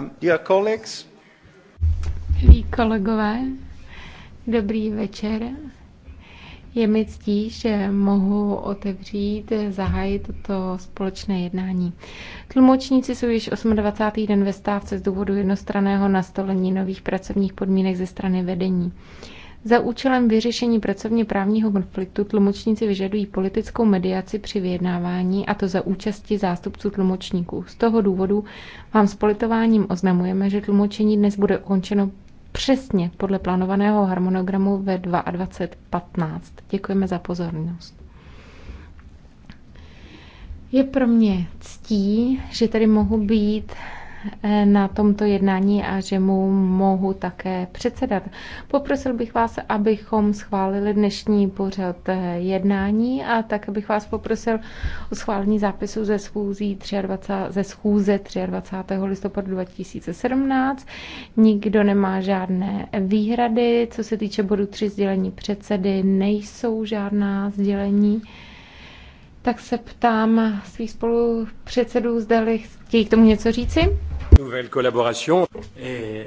Um, dear colleagues. Milí kolegové, dobrý večer. Je mi ctí, že mohu otevřít, zahájit toto společné jednání. Tlumočníci jsou již 28. den ve stávce z důvodu jednostraného nastolení nových pracovních podmínek ze strany vedení. Za účelem vyřešení pracovně právního konfliktu tlumočníci vyžadují politickou mediaci při vyjednávání a to za účasti zástupců tlumočníků. Z toho důvodu vám s politováním oznamujeme, že tlumočení dnes bude ukončeno přesně podle plánovaného harmonogramu ve 22.15. Děkujeme za pozornost. Je pro mě ctí, že tady mohu být Eh, na tomto jednání a že mu mohu také předsedat. Poprosil bych vás, abychom schválili dnešní pořad eh, jednání a tak bych vás poprosil o schválení zápisu ze, schůzí 23, ze schůze 23. listopadu 2017. Nikdo nemá žádné výhrady. Co se týče bodu 3 sdělení předsedy, nejsou žádná sdělení tak se ptám svých předsedů, zdali chtějí k tomu něco říci.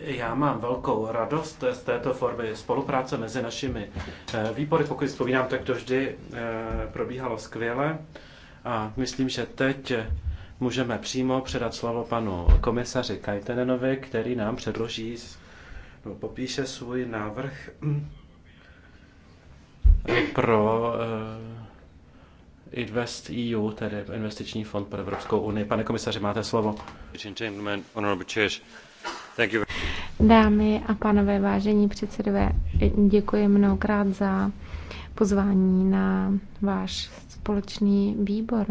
Já mám velkou radost z této formy spolupráce mezi našimi eh, výbory. Pokud vzpomínám, tak to vždy eh, probíhalo skvěle a myslím, že teď můžeme přímo předat slovo panu komisaři Kajtenenovi, který nám předloží, no, popíše svůj návrh eh, pro Invest EU, tedy investiční fond pro Evropskou unii. Pane komisaři, máte slovo. Dámy a pánové, vážení předsedové, děkuji mnohokrát za pozvání na váš společný výbor.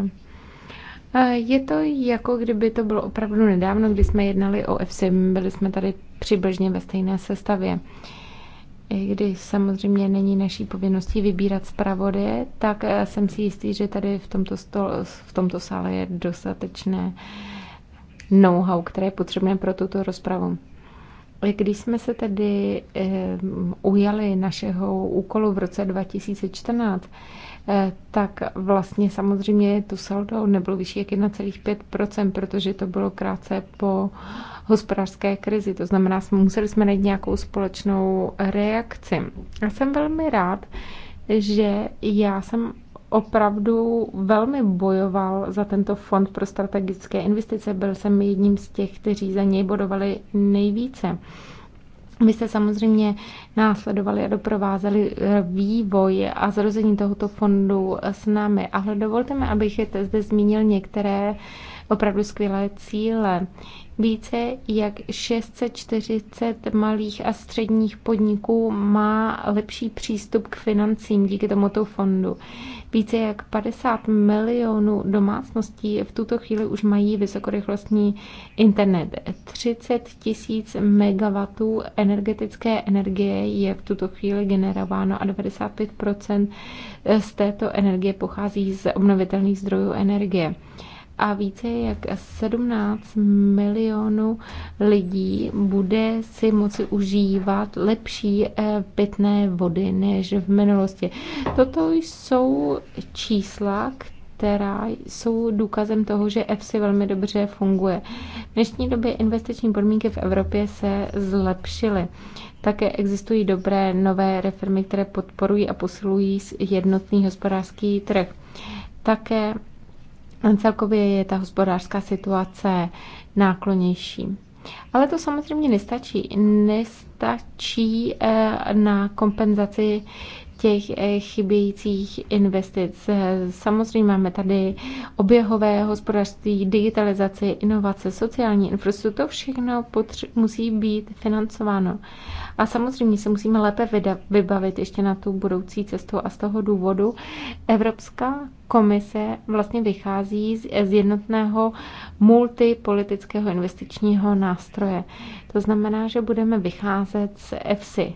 Je to jako kdyby to bylo opravdu nedávno, kdy jsme jednali o EFSI, byli jsme tady přibližně ve stejné sestavě. Uh, i když samozřejmě není naší povinností vybírat zpravodaje, tak eh, jsem si jistý, že tady v tomto, stol, v tomto sále je dostatečné know-how, které je potřebné pro tuto rozpravu. Když jsme se tedy eh, ujali našeho úkolu v roce 2014, Eh, tak vlastně samozřejmě to saldo nebylo vyšší jak 1,5%, protože to bylo krátce po hospodářské krizi. To znamená, jsme museli jsme najít nějakou společnou reakci. A jsem velmi rád, že já jsem opravdu velmi bojoval za tento fond pro strategické investice. Byl jsem jedním z těch, kteří za něj bodovali nejvíce. Vy jste samozřejmě následovali a doprovázeli eh, vývoj a zrození tohoto fondu s námi, ale dovolte mi, abych zde zmínil některé opravdu skvělé cíle. Více jak 640 malých a středních podniků má lepší přístup k financím díky tomuto fondu. Více jak 50 milionů domácností v tuto chvíli už mají vysokorychlostní internet. 30 tisíc megawatů energetické energie je v tuto chvíli generováno a 95 z této energie pochází z obnovitelných zdrojů energie a více jak 17 milionů lidí bude si moci užívat lepší eh, pitné vody než v minulosti. Toto jsou čísla, která jsou důkazem toho, že EFSI velmi dobře funguje. V dnešní době investiční podmínky v Evropě se zlepšily. Také existují dobré nové reformy, které podporují a posilují jednotný hospodářský trh. Také celkově je ta hospodářská situace náklonější. Ale to samozřejmě nestačí. Nes, stačí eh, na kompenzaci těch eh, chybějících investic. Eh, samozřejmě máme tady oběhové hospodářství, digitalizaci, inovace, sociální infrastrukturu, to všechno musí být financováno. A samozřejmě se musíme lépe vybavit ještě na tu budoucí cestu a z toho důvodu Evropská komise vlastně vychází z, z jednotného multipolitického investičního nástroje. To znamená, že budeme vycházet z EFSI.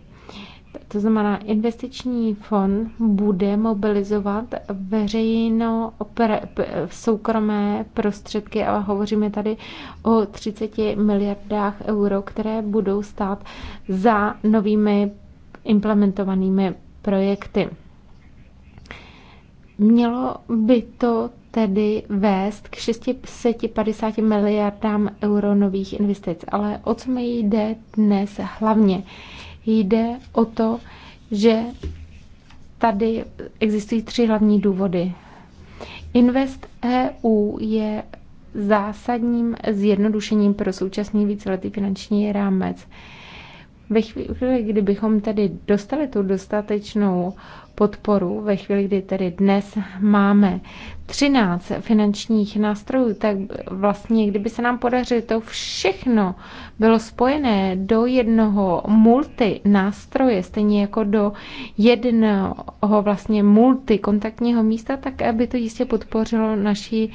To znamená, investiční fond bude mobilizovat veřejno soukromé prostředky a hovoříme tady o 30 miliardách euro, které budou stát za novými implementovanými projekty. Mělo by to tedy vést k 650 miliardám euro nových investic. Ale o co mi jde dnes hlavně? Jde o to, že tady existují tři hlavní důvody. Invest EU je zásadním zjednodušením pro současný víceletý finanční rámec. Ve chvíli, kdybychom tedy dostali tu dostatečnou podporu. Ve chvíli, kdy tedy dnes máme 13 finančních nástrojů, tak vlastně, kdyby se nám podařilo to všechno bylo spojené do jednoho multi nástroje, stejně jako do jednoho vlastně multi kontaktního místa, tak aby to jistě podpořilo naši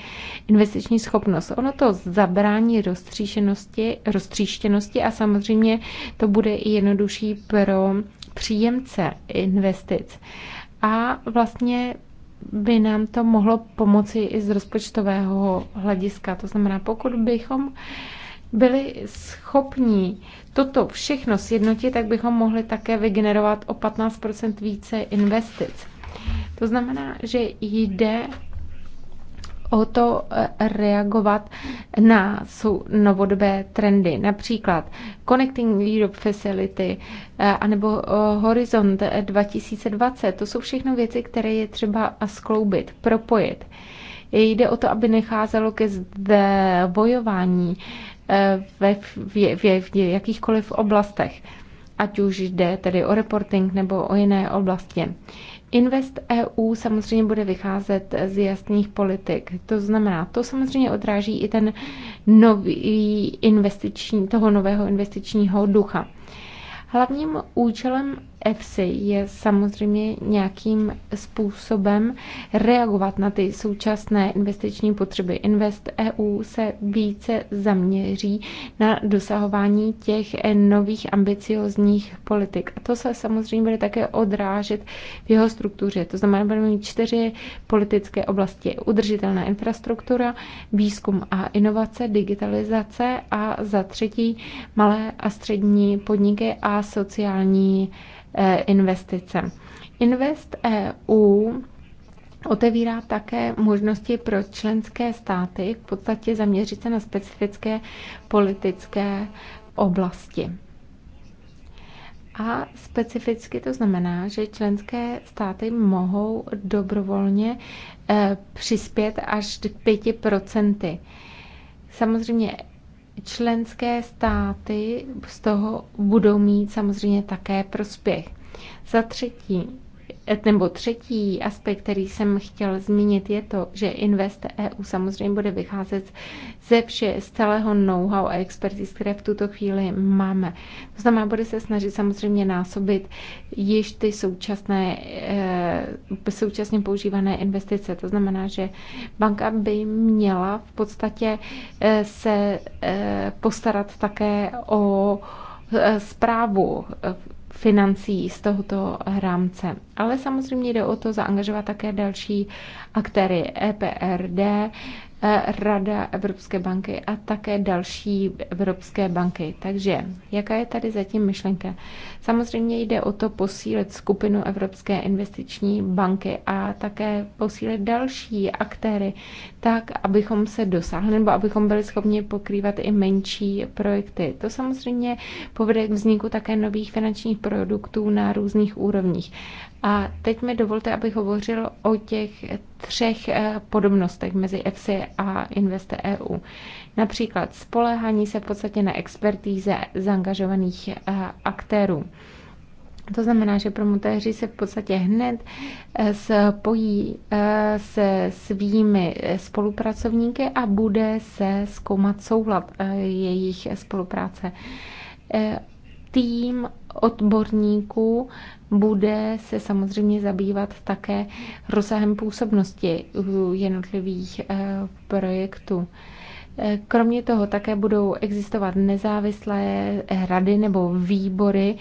investiční schopnost. Ono to zabrání roztříštěnosti, roztříštěnosti a samozřejmě to bude i jednodušší pro příjemce investic. A vlastně by nám to mohlo pomoci i z rozpočtového hlediska. To znamená, pokud bychom byli schopní toto všechno sjednotit, tak bychom mohli také vygenerovat o 15 více investic. To znamená, že jde o to eh, reagovat na novodobé trendy, například Connecting Europe Facility eh, anebo eh, Horizont 2020. To jsou všechno věci, které je třeba skloubit, propojit. Jde o to, aby necházelo ke zdvojování ve, v, v, v jakýchkoliv oblastech, ať už jde tedy o reporting nebo o jiné oblasti. Invest EU samozřejmě bude vycházet z jasných politik. To znamená, to samozřejmě odráží i ten nový investiční, toho nového investičního ducha. Hlavním účelem EFSI je samozřejmě nějakým způsobem reagovat na ty současné investiční potřeby. Invest EU se více zaměří na dosahování těch nových ambiciozních politik. A to se samozřejmě bude také odrážet v jeho struktuře. To znamená, budeme mít čtyři politické oblasti. Udržitelná infrastruktura, výzkum a inovace, digitalizace a za třetí malé a střední podniky a sociální Eh, investice. Invest EU otevírá také možnosti pro členské státy v podstatě zaměřit se na specifické politické oblasti. A specificky to znamená, že členské státy mohou dobrovolně eh, přispět až 5%. Samozřejmě členské státy z toho budou mít samozřejmě také prospěch. Za třetí, Eh, nebo třetí aspekt, který jsem chtěl zmínit, je to, že Invest EU samozřejmě bude vycházet ze vše, z celého know-how a expertiz, které v tuto chvíli máme. To znamená, bude se snažit samozřejmě násobit již ty současné, eh, současně používané investice. To znamená, že banka by měla v podstatě eh, se postarat také o zprávu financí z tohoto rámce. Ale samozřejmě jde o to zaangažovat také další aktéry EPRD, Eh, Rada Evropské banky a také další Evropské banky. Takže jaká je tady zatím myšlenka? Samozřejmě jde o to posílit skupinu Evropské investiční banky a také posílit další aktéry tak, abychom se dosáhli nebo abychom byli schopni pokrývat i menší projekty. To samozřejmě povede k vzniku také nových finančních produktů na různých úrovních. A teď mi dovolte, abych hovořil o těch třech eh, podobnostech mezi EFSI a Investe EU. Například spolehání se v podstatě na expertíze zaangažovaných eh, aktérů. To znamená, že promotéři se v podstatě hned eh, spojí se svými spolupracovníky a bude se zkoumat soulad jejich spolupráce. Tým odborníků bude se samozřejmě zabývat také rozsahem působnosti jednotlivých eh, projektů. Kromě toho také budou existovat nezávislé rady nebo výbory,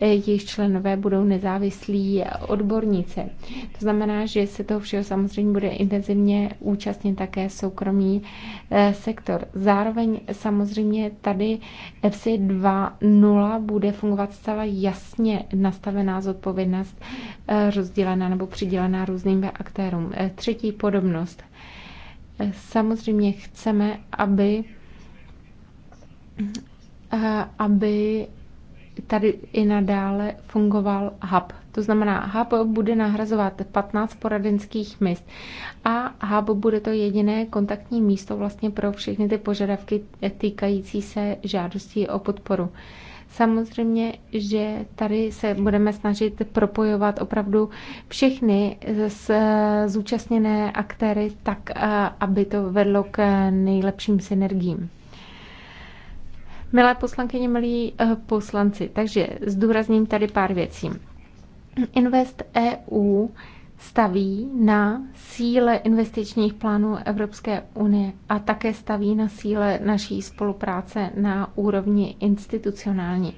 jejich členové budou nezávislí odborníci. To znamená, že se toho všeho samozřejmě bude intenzivně účastnit také soukromý eh, sektor. Zároveň samozřejmě tady FC 2.0 bude fungovat zcela jasně nastavená zodpovědnost eh, rozdělená nebo přidělená různým aktérům. Eh, třetí podobnost samozřejmě chceme, aby, eh, aby tady i nadále fungoval hub. To znamená, hub bude nahrazovat 15 poradenských míst a hub bude to jediné kontaktní místo vlastně pro všechny ty požadavky týkající se žádostí o podporu. Samozřejmě, že tady se budeme snažit propojovat opravdu všechny z, eh, zúčastněné aktéry tak, eh, aby to vedlo k eh, nejlepším synergiím. Milé poslankyně, milí poslanci, takže zdůrazním tady pár věcí. Invest EU staví na síle investičních plánů Evropské unie a také staví na síle naší spolupráce na úrovni institucionální.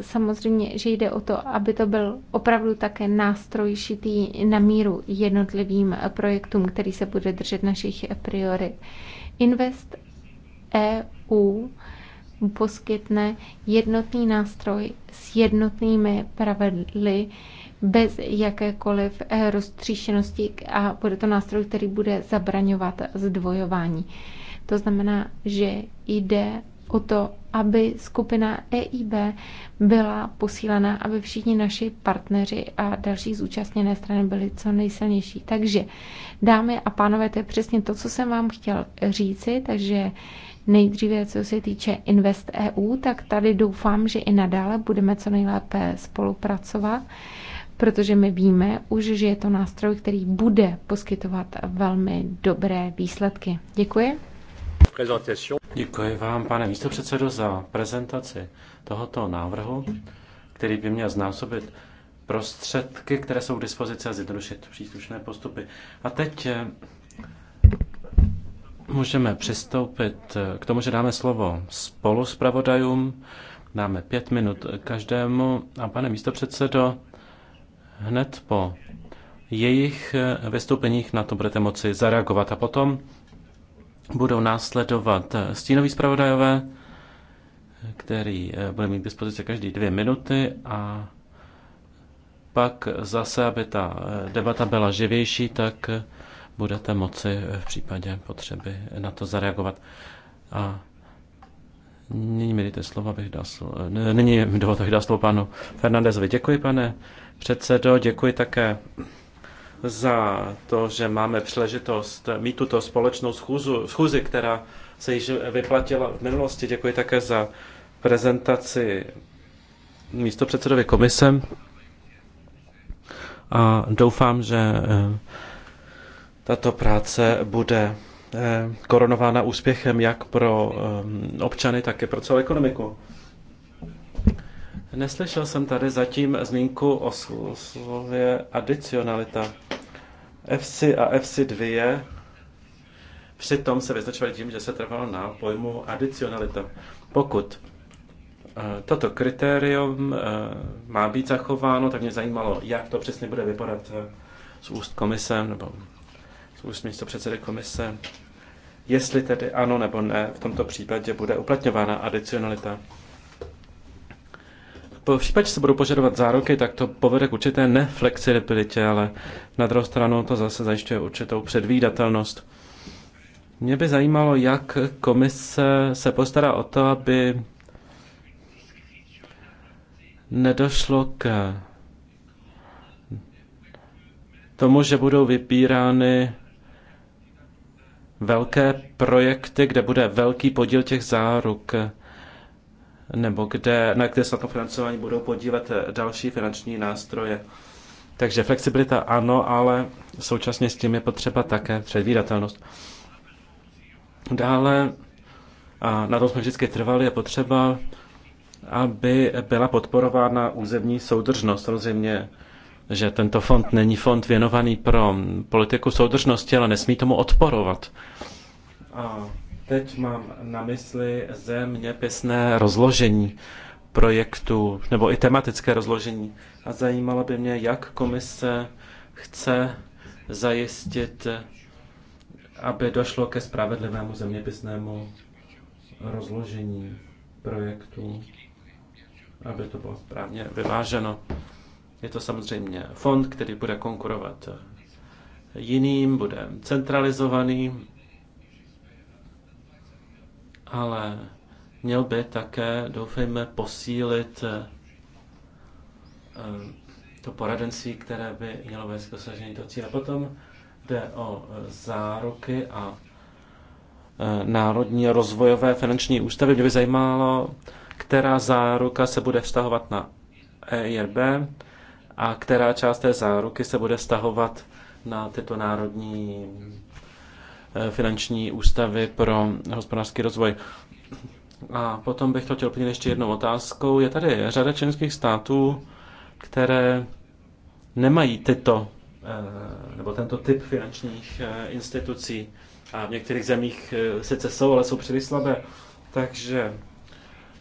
Samozřejmě, že jde o to, aby to byl opravdu také nástroj šitý na míru jednotlivým projektům, který se bude držet našich priorit. Invest EU poskytne jednotný nástroj s jednotnými pravidly, bez jakékoliv eh, roztříšenosti a bude to nástroj, který bude zabraňovat zdvojování. To znamená, že jde o to, aby skupina EIB byla posílena, aby všichni naši partneři a další zúčastněné strany byly co nejsilnější. Takže, dámy a pánové, to je přesně to, co jsem vám chtěl říci, takže nejdříve, co se týče Invest EU, tak tady doufám, že i nadále budeme co nejlépe spolupracovat protože my víme už, že je to nástroj, který bude poskytovat velmi dobré výsledky. Děkuji. Děkuji vám, pane místopředsedo, za prezentaci tohoto návrhu, který by měl znásobit prostředky, které jsou k dispozici a zjednodušit příslušné postupy. A teď eh, můžeme přistoupit eh, k tomu, že dáme slovo spolu s pravodajům. Dáme pět minut každému. A pane místopředsedo, Hned po jejich eh, vystoupeních na to budete moci zareagovat a potom budou následovat eh, stínoví zpravodajové, který eh, bude mít k dispozici každý dvě minuty a pak zase, aby ta debata byla živější, tak budete moci v případě potřeby na to zareagovat. A nyní mi dejte slovo, abych dal slovo, nyní mi dovolte, abych dal slovo panu Fernandezovi. Děkuji, pane předsedo, děkuji také za to, že máme příležitost mít tuto společnou schůzu, schůzi, která se již vyplatila v minulosti. Děkuji také za prezentaci místo předsedovi komise a doufám, že eh, tato práce bude eh, koronována úspěchem jak pro eh, občany, tak i pro celou ekonomiku. Neslyšel jsem tady zatím zmínku o slově adicionalita. FC a FC2 přitom se vyznačovali tím, že se trvalo na pojmu adicionalita. Pokud eh, toto kritérium eh, má být zachováno, tak mě zajímalo, jak to přesně bude vypadat s eh, úst komise nebo s úst místo předsedy komise, jestli tedy ano nebo ne v tomto případě bude uplatňována adicionalita. V případě, že se budou požadovat záruky, tak to povede k určité neflexibilitě, ale na druhou stranu to zase zajišťuje určitou předvídatelnost. Mě by zajímalo, jak komise se postará o to, aby nedošlo k tomu, že budou vybírány velké projekty, kde bude velký podíl těch záruk nebo kde, na kde se na to financování budou podívat eh, další finanční nástroje. Takže flexibilita ano, ale současně s tím je potřeba také předvídatelnost. Dále, a na tom jsme vždycky trvali, je potřeba, aby byla podporována územní soudržnost. Samozřejmě, že tento fond není fond věnovaný pro politiku soudržnosti, ale nesmí tomu odporovat. A Teď mám na mysli zeměpisné rozložení projektu, nebo i tematické rozložení. A zajímalo by mě, jak komise chce zajistit, aby došlo ke spravedlivému zeměpisnému rozložení projektu, aby to bylo správně vyváženo. Je to samozřejmě fond, který bude konkurovat jiným, bude centralizovaný, ale měl by také, doufejme, posílit eh, eh, to poradenství, které by mělo vést k dosažení toho cíle. Potom jde o eh, záruky a národní rozvojové finanční ústavy. Mě by zajímalo, která záruka se bude vztahovat na EIRB a která část té záruky se bude vztahovat na tyto národní Eh, finanční ústavy pro hospodářský rozvoj. A potom bych to chtěl plnit ještě jednou otázkou. Je tady řada členských států, které nemají tyto, eh, nebo tento typ finančních eh, institucí. A v některých zemích sice jsou, ale jsou příliš slabé. Takže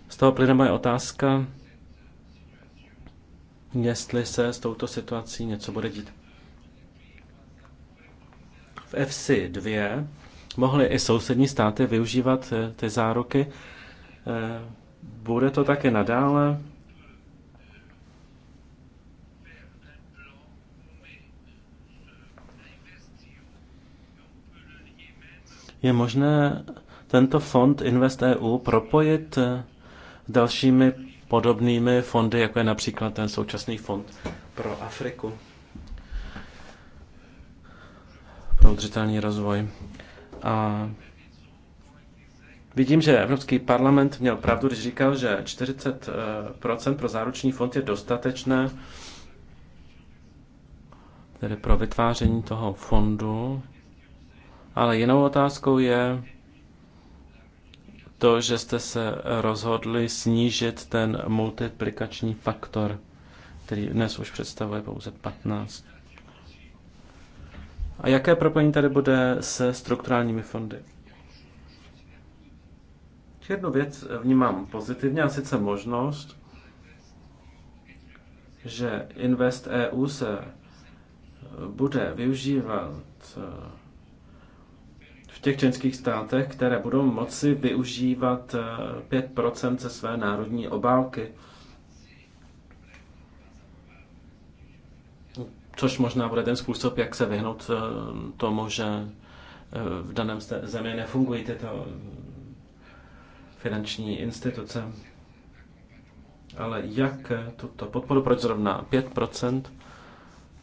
z toho plyne moje otázka, jestli se s touto situací něco bude dít v FC 2 mohly i sousední státy využívat eh, ty záruky. Eh, bude to také nadále. Je možné tento fond Invest EU propojit eh, dalšími podobnými fondy, jako je například ten současný fond pro Afriku. pro udržitelný rozvoj. A vidím, že Evropský parlament měl pravdu, když říkal, že 40% eh, pro záruční fond je dostatečné tedy pro vytváření toho fondu. Ale jinou otázkou je to, že jste se rozhodli snížit ten multiplikační faktor, který dnes už představuje pouze 15 a jaké propojení tady bude se strukturálními fondy? Jednu věc vnímám pozitivně, a sice možnost, že Invest EU se bude využívat eh, v těch členských státech, které budou moci využívat 5 eh, ze své národní obálky což možná bude ten způsob, jak se vyhnout eh, tomu, že eh, v daném zemi nefungují tyto finanční instituce. Ale jak eh, tuto podporu, proč zrovna 5%?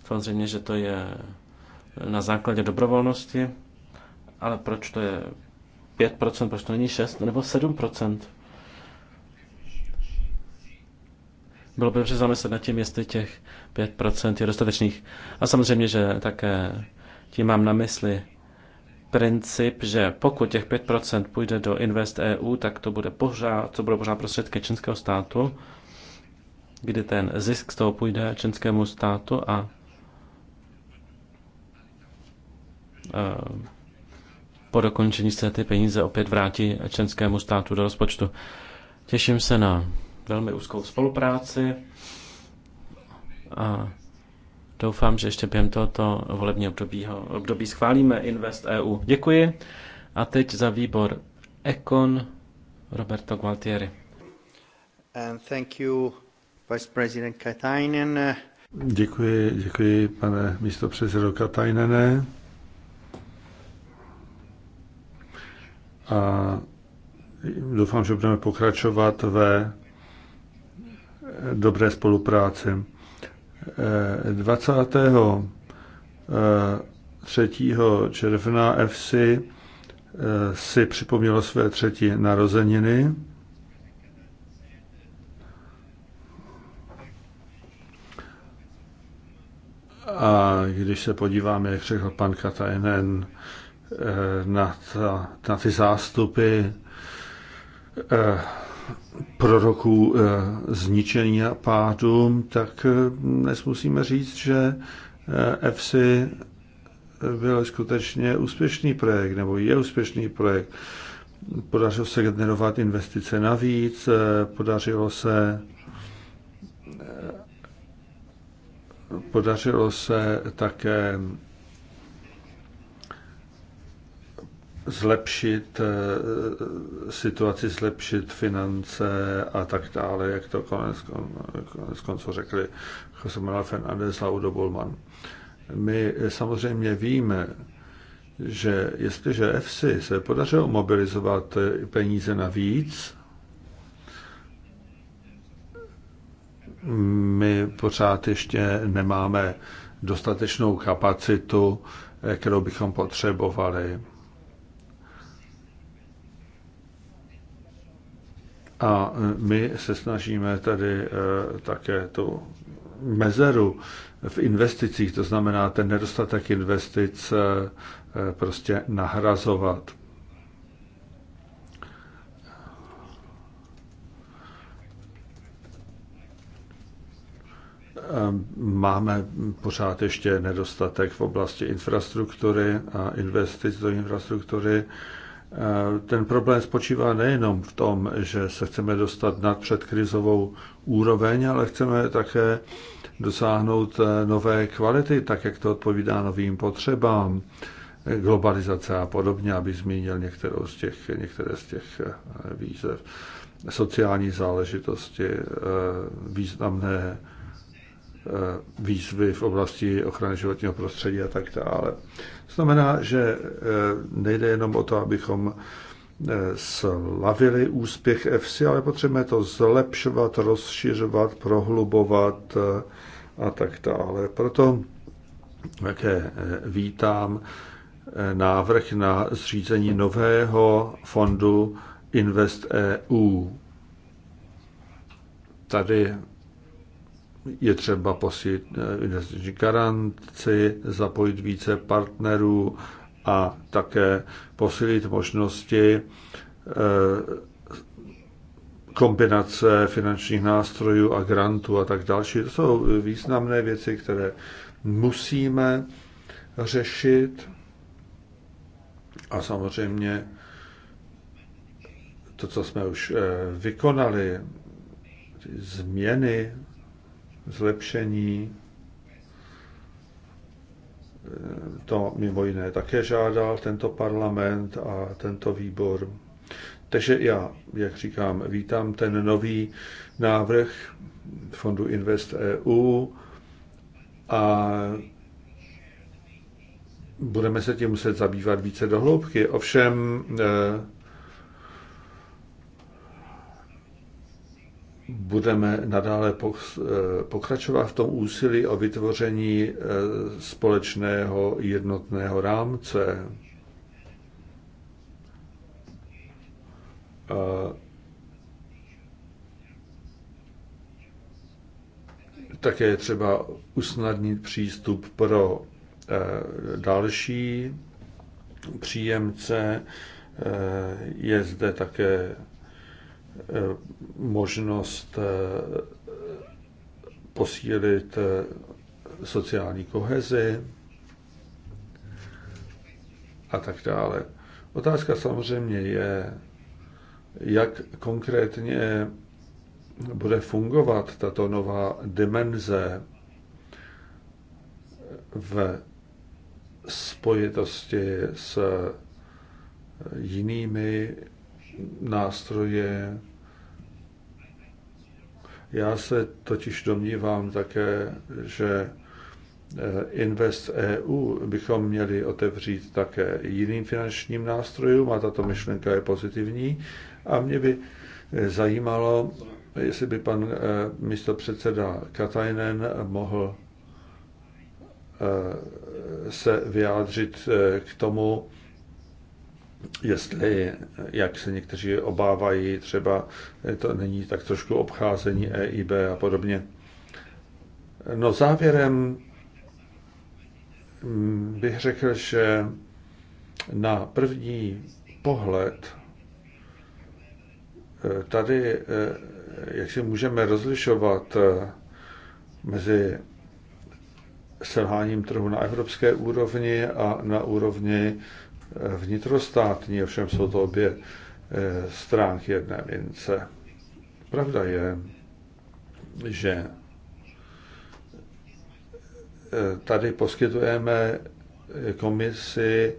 Samozřejmě, že to je na základě dobrovolnosti, ale proč to je 5%, proč to není 6 nebo 7%? Bylo by dobře zamyslet nad tím, jestli těch 5% je dostatečných. A samozřejmě, že také tím mám na mysli princip, že pokud těch 5% půjde do Invest EU, tak to bude pořád, to bude pořád prostředky členského státu, kdy ten zisk z toho půjde členskému státu a e, po dokončení se ty peníze opět vrátí členskému státu do rozpočtu. Těším se na velmi úzkou spolupráci a doufám, že ještě během tohoto volebního období, období schválíme Invest EU. Děkuji. A teď za výbor Econ Roberto Gualtieri. And thank you, Vice President Katainen. Děkuji, děkuji, pane místo předsedo Katajnené. A doufám, že budeme pokračovat ve dobré spolupráci. 23. Eh, eh, června FC eh, si připomnělo své třetí narozeniny. A když se podíváme, jak řekl pan Katajnen, na, ta, na ty zástupy proroků eh, zničení a pádu, tak eh, dnes musíme říct, že EFSI eh, byl skutečně úspěšný projekt, nebo je úspěšný projekt. Podařilo se generovat investice navíc, podařilo se podařilo se také zlepšit eh, situaci, zlepšit finance a tak dále, jak to konec, konec konců řekli José Manuel Fernández a Udo Bullman. My samozřejmě víme, že jestliže EFSI se podařilo mobilizovat eh, peníze navíc, my pořád ještě nemáme dostatečnou kapacitu, eh, kterou bychom potřebovali. A my se snažíme tady eh, také tu mezeru v investicích, to znamená ten nedostatek investic eh, prostě nahrazovat. Eh, máme pořád ještě nedostatek v oblasti infrastruktury a investic do infrastruktury Eh, ten problém spočívá nejenom v tom, že se chceme dostat nad předkrizovou úroveň, ale chceme také dosáhnout eh, nové kvality, tak jak to odpovídá novým potřebám, eh, globalizace a podobně, aby zmínil některou z těch, některé z těch výzev. Sociální záležitosti, významné Eh, výzvy v oblasti ochrany životního prostředí a tak dále. Znamená, že eh, nejde jenom o to, abychom eh, slavili úspěch EFSI, ale potřebujeme to zlepšovat, rozšiřovat, prohlubovat a tak dále. Proto také vítám návrh na zřízení nového fondu Invest EU. Tady je třeba posílit eh, investiční garanci, zapojit více partnerů a také posílit možnosti eh, kombinace finančních nástrojů a grantů a tak další. To jsou významné věci, které musíme řešit. A samozřejmě to, co jsme už eh, vykonali, změny zlepšení. Eh, to mimo jiné také žádal tento parlament a tento výbor. Takže já, jak říkám, vítám ten nový návrh fondu Invest EU a budeme se tím muset zabývat více dohloubky. Ovšem eh, budeme nadále eh, pokračovat v tom úsilí o vytvoření eh, společného jednotného rámce. Také je třeba usnadnit přístup pro eh, další příjemce. Je zde také možnost eh, posílit eh, sociální kohezi a tak dále. Otázka samozřejmě je, jak konkrétně bude fungovat tato nová dimenze v spojitosti s jinými nástroje. Já se totiž domnívám také, že eh, Invest EU bychom měli otevřít také jiným finančním nástrojům a tato myšlenka je pozitivní. A mě by eh, zajímalo, jestli by pan eh, místo předseda Katajnen mohl se vyjádřit k tomu, jestli, jak se někteří obávají, třeba to není tak trošku obcházení EIB a podobně. No závěrem bych řekl, že na první pohled tady, jak si můžeme rozlišovat mezi selháním trhu na evropské úrovni a na úrovni vnitrostátní, ovšem jsou to obě eh, stránky jedné mince. Pravda je, že eh, tady poskytujeme komisi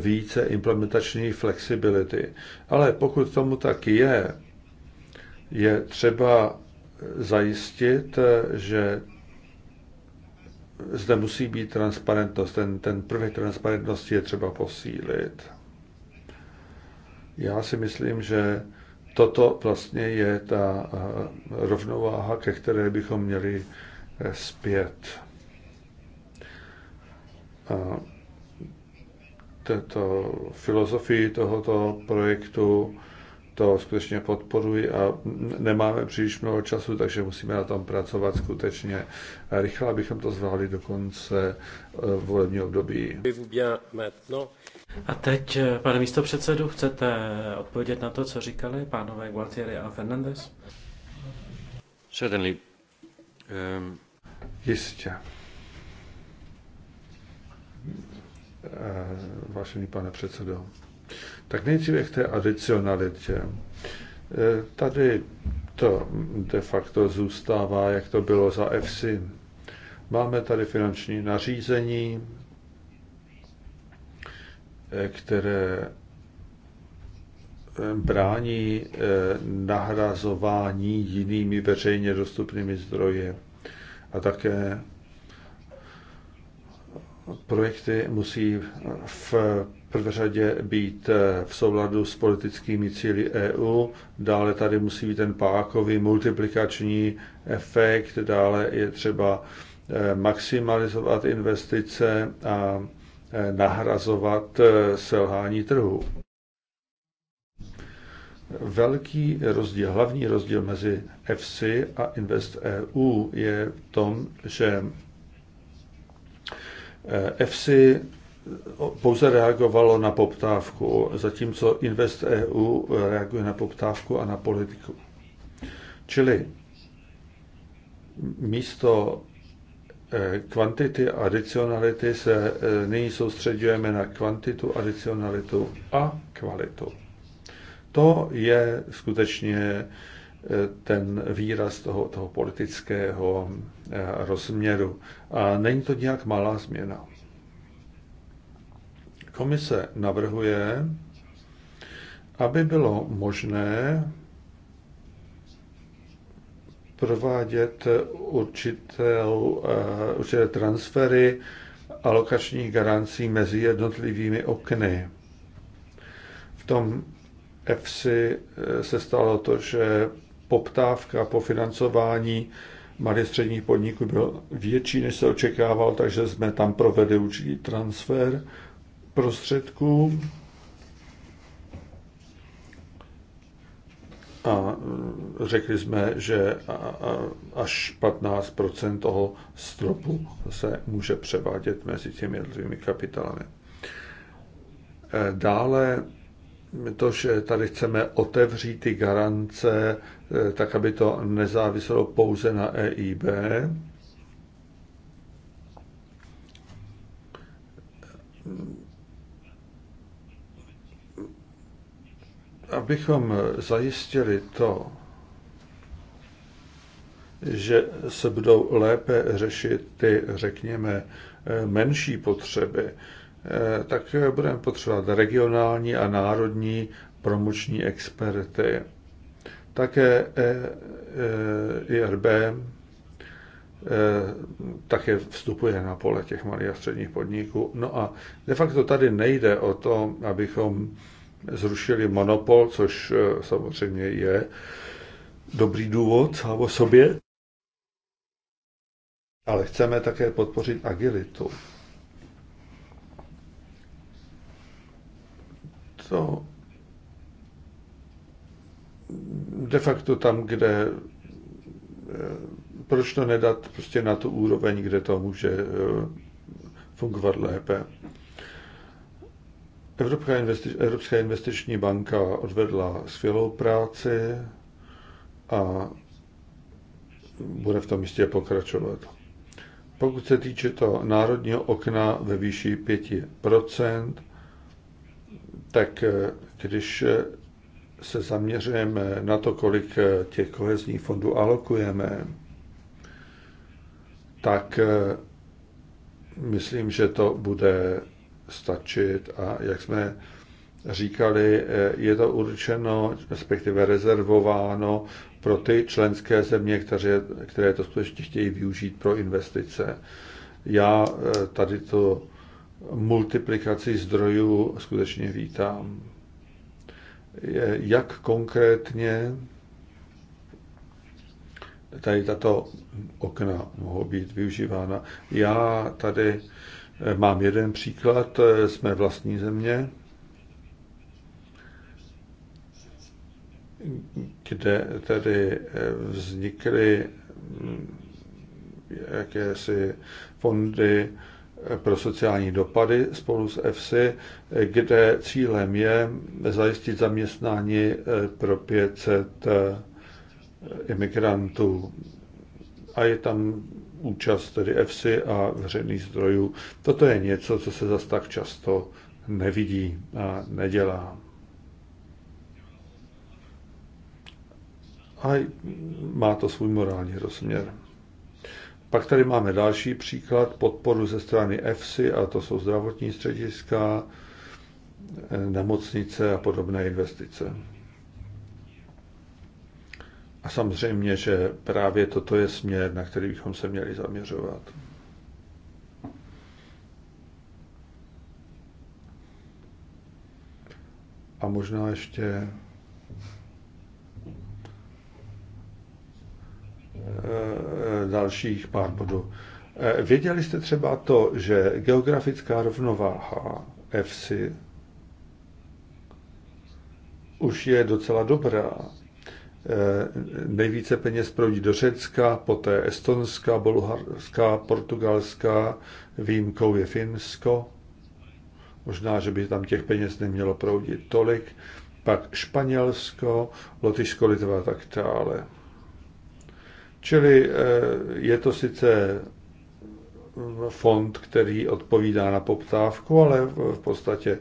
více implementační flexibility. Ale pokud tomu tak je, je třeba zajistit, že zde musí být transparentnost. Ten, ten prvek transparentnosti je třeba posílit. Já si myslím, že toto vlastně je ta eh, rovnováha, ke které bychom měli zpět. Eh, A této filozofii tohoto projektu to skutečně podporuji a nemáme příliš mnoho času, takže musíme na tom pracovat skutečně rychle, abychom to zvládli do konce eh, volebního období. A teď, eh, pane místo předsedu, chcete odpovědět na to, co říkali pánové Gualtieri a Fernandez? Certainly. Um... Jistě. Eh, vážený pane předsedo, tak nejdříve k té adicionalitě. Eh, tady to de facto zůstává, jak to bylo za EFSI. Máme tady finanční nařízení, eh, které eh, brání nahrazování jinými veřejně dostupnými zdroje. a také projekty musí v prvé řadě být eh, v souladu s politickými cíly EU, dále tady musí být ten pákový multiplikační efekt, dále je třeba eh, maximalizovat investice a eh, nahrazovat selhání trhu. Velký rozdíl, hlavní rozdíl mezi FC a Invest EU je v tom, že EFSI pouze reagovalo na poptávku, zatímco Invest EU reaguje na poptávku a na politiku. Čili místo eh, kvantity a adicionality se eh, nyní soustředujeme na kvantitu, adicionalitu a kvalitu. To je skutečně eh, ten výraz toho, toho politického rozměru. A není to nějak malá změna. Komise navrhuje, aby bylo možné provádět určité transfery alokačních garancí mezi jednotlivými okny. V tom EFSI se stalo to, že poptávka po financování malých středních podniků byla větší, než se očekával, takže jsme tam provedli určitý transfer prostředků a e, řekli jsme, že až 15 toho stropu se může převádět mezi těmi jednotlivými kapitálami. E, dále to, že tady chceme otevřít ty garance, e, tak aby to nezáviselo pouze na EIB, abychom zajistili to, že se budou lépe řešit ty, řekněme, menší potřeby, tak budeme potřebovat regionální a národní promoční experty. Také e IRB e, také vstupuje na pole těch malých a středních podniků. No a de facto tady nejde o to, abychom zrušili monopol, což eh, samozřejmě je dobrý důvod o sobě, ale chceme také podpořit agilitu. To de facto tam, kde eh, proč to nedat prostě na tu úroveň, kde to může eh, fungovat lépe. Evropská, investi- Evropská investiční banka odvedla skvělou práci a bude v tom jistě pokračovat. Pokud se týče to národního okna ve výši 5%, tak eh, když eh, se zaměřujeme na to, kolik eh, těch kohezních fondů alokujeme, tak myslím, že to bude stačit a jak jsme říkali, eh, je to určeno, respektive rezervováno pro ty členské země, které, které to skutečně chtějí využít pro investice. Já eh, tady to multiplikaci zdrojů skutečně vítám. Jak konkrétně tady tato okna mohou být využívána? Já tady Mám jeden příklad z mé vlastní země, kde tedy vznikly jakési fondy pro sociální dopady spolu s EFSI, kde cílem je zajistit zaměstnání pro 500 imigrantů. A je tam účast tedy EFSI a veřejných zdrojů. Toto je něco, co se zas tak často nevidí a nedělá. A má to svůj morální rozměr. Pak tady máme další příklad, podporu ze strany EFSI, a to jsou zdravotní střediska, nemocnice a podobné investice. A samozřejmě, že právě toto je směr, na který bychom se měli zaměřovat. A možná ještě eh, eh, dalších pár bodů. Eh, věděli jste třeba to, že geografická rovnováha FC už je docela dobrá Eh, nejvíce peněz proudí do Řecka, poté Estonska, Bulharska, Portugalska, výjimkou je Finsko. Možná, že by tam těch peněz nemělo proudit tolik. Pak Španělsko, Lotyšsko, Litva a tak dále. Čili eh, je to sice fond, který odpovídá na poptávku, ale v podstatě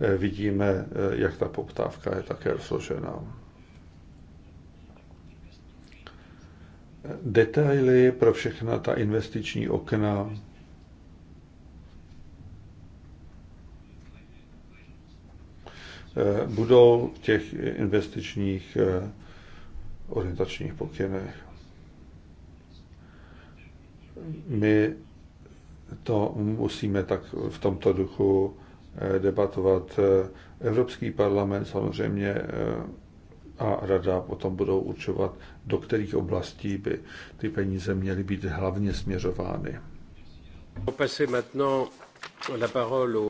eh, vidíme, jak ta poptávka je také složená. detaily pro všechna ta investiční okna. Eh, budou v těch investičních eh, orientačních pokynech. My to musíme tak v tomto duchu eh, debatovat. Evropský parlament samozřejmě a rada potom budou určovat, do kterých oblastí by ty peníze měly být hlavně směřovány.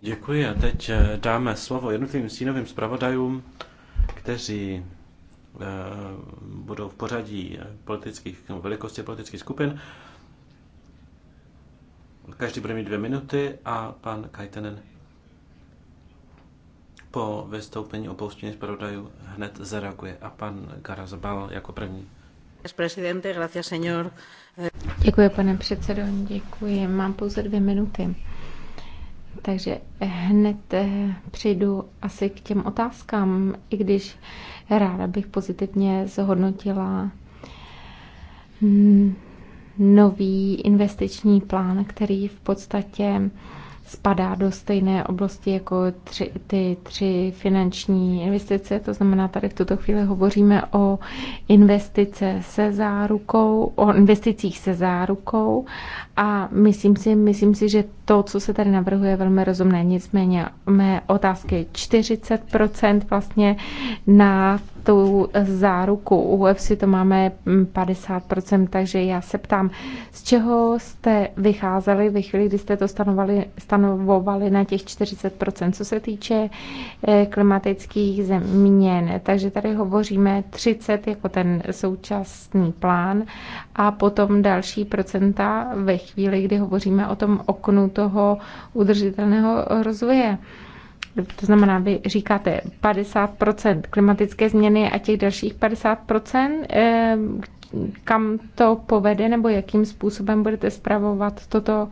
Děkuji a teď eh, dáme slovo jednotlivým stínovým zpravodajům, kteří eh, budou v pořadí politických, velikosti politických skupin. Každý bude mít dvě minuty a pan Kajtenen po vystoupení opouštění zpravodajů hned zareaguje a pan Garazbal jako první. Děkuji, pane předsedo, děkuji. Mám pouze dvě minuty. Takže hned eh, přijdu asi k těm otázkám, i když ráda bych pozitivně zhodnotila mm, nový investiční plán, který v podstatě spadá do stejné oblasti jako tři, ty tři finanční investice. To znamená, tady v tuto chvíli hovoříme o investice se zárukou, o investicích se zárukou a myslím si, myslím si, že to, co se tady navrhuje, je velmi rozumné. Nicméně mé otázky 40% vlastně na tu záruku. U UFC to máme 50%, takže já se ptám, z čeho jste vycházeli ve chvíli, kdy jste to stanovali, stanovovali na těch 40%, co se týče eh, klimatických změn. Takže tady hovoříme 30 jako ten současný plán a potom další procenta ve chvíli, kdy hovoříme o tom oknu toho udržitelného rozvoje to znamená, vy říkáte 50% klimatické změny a těch dalších 50%, eh, kam to povede nebo jakým způsobem budete spravovat toto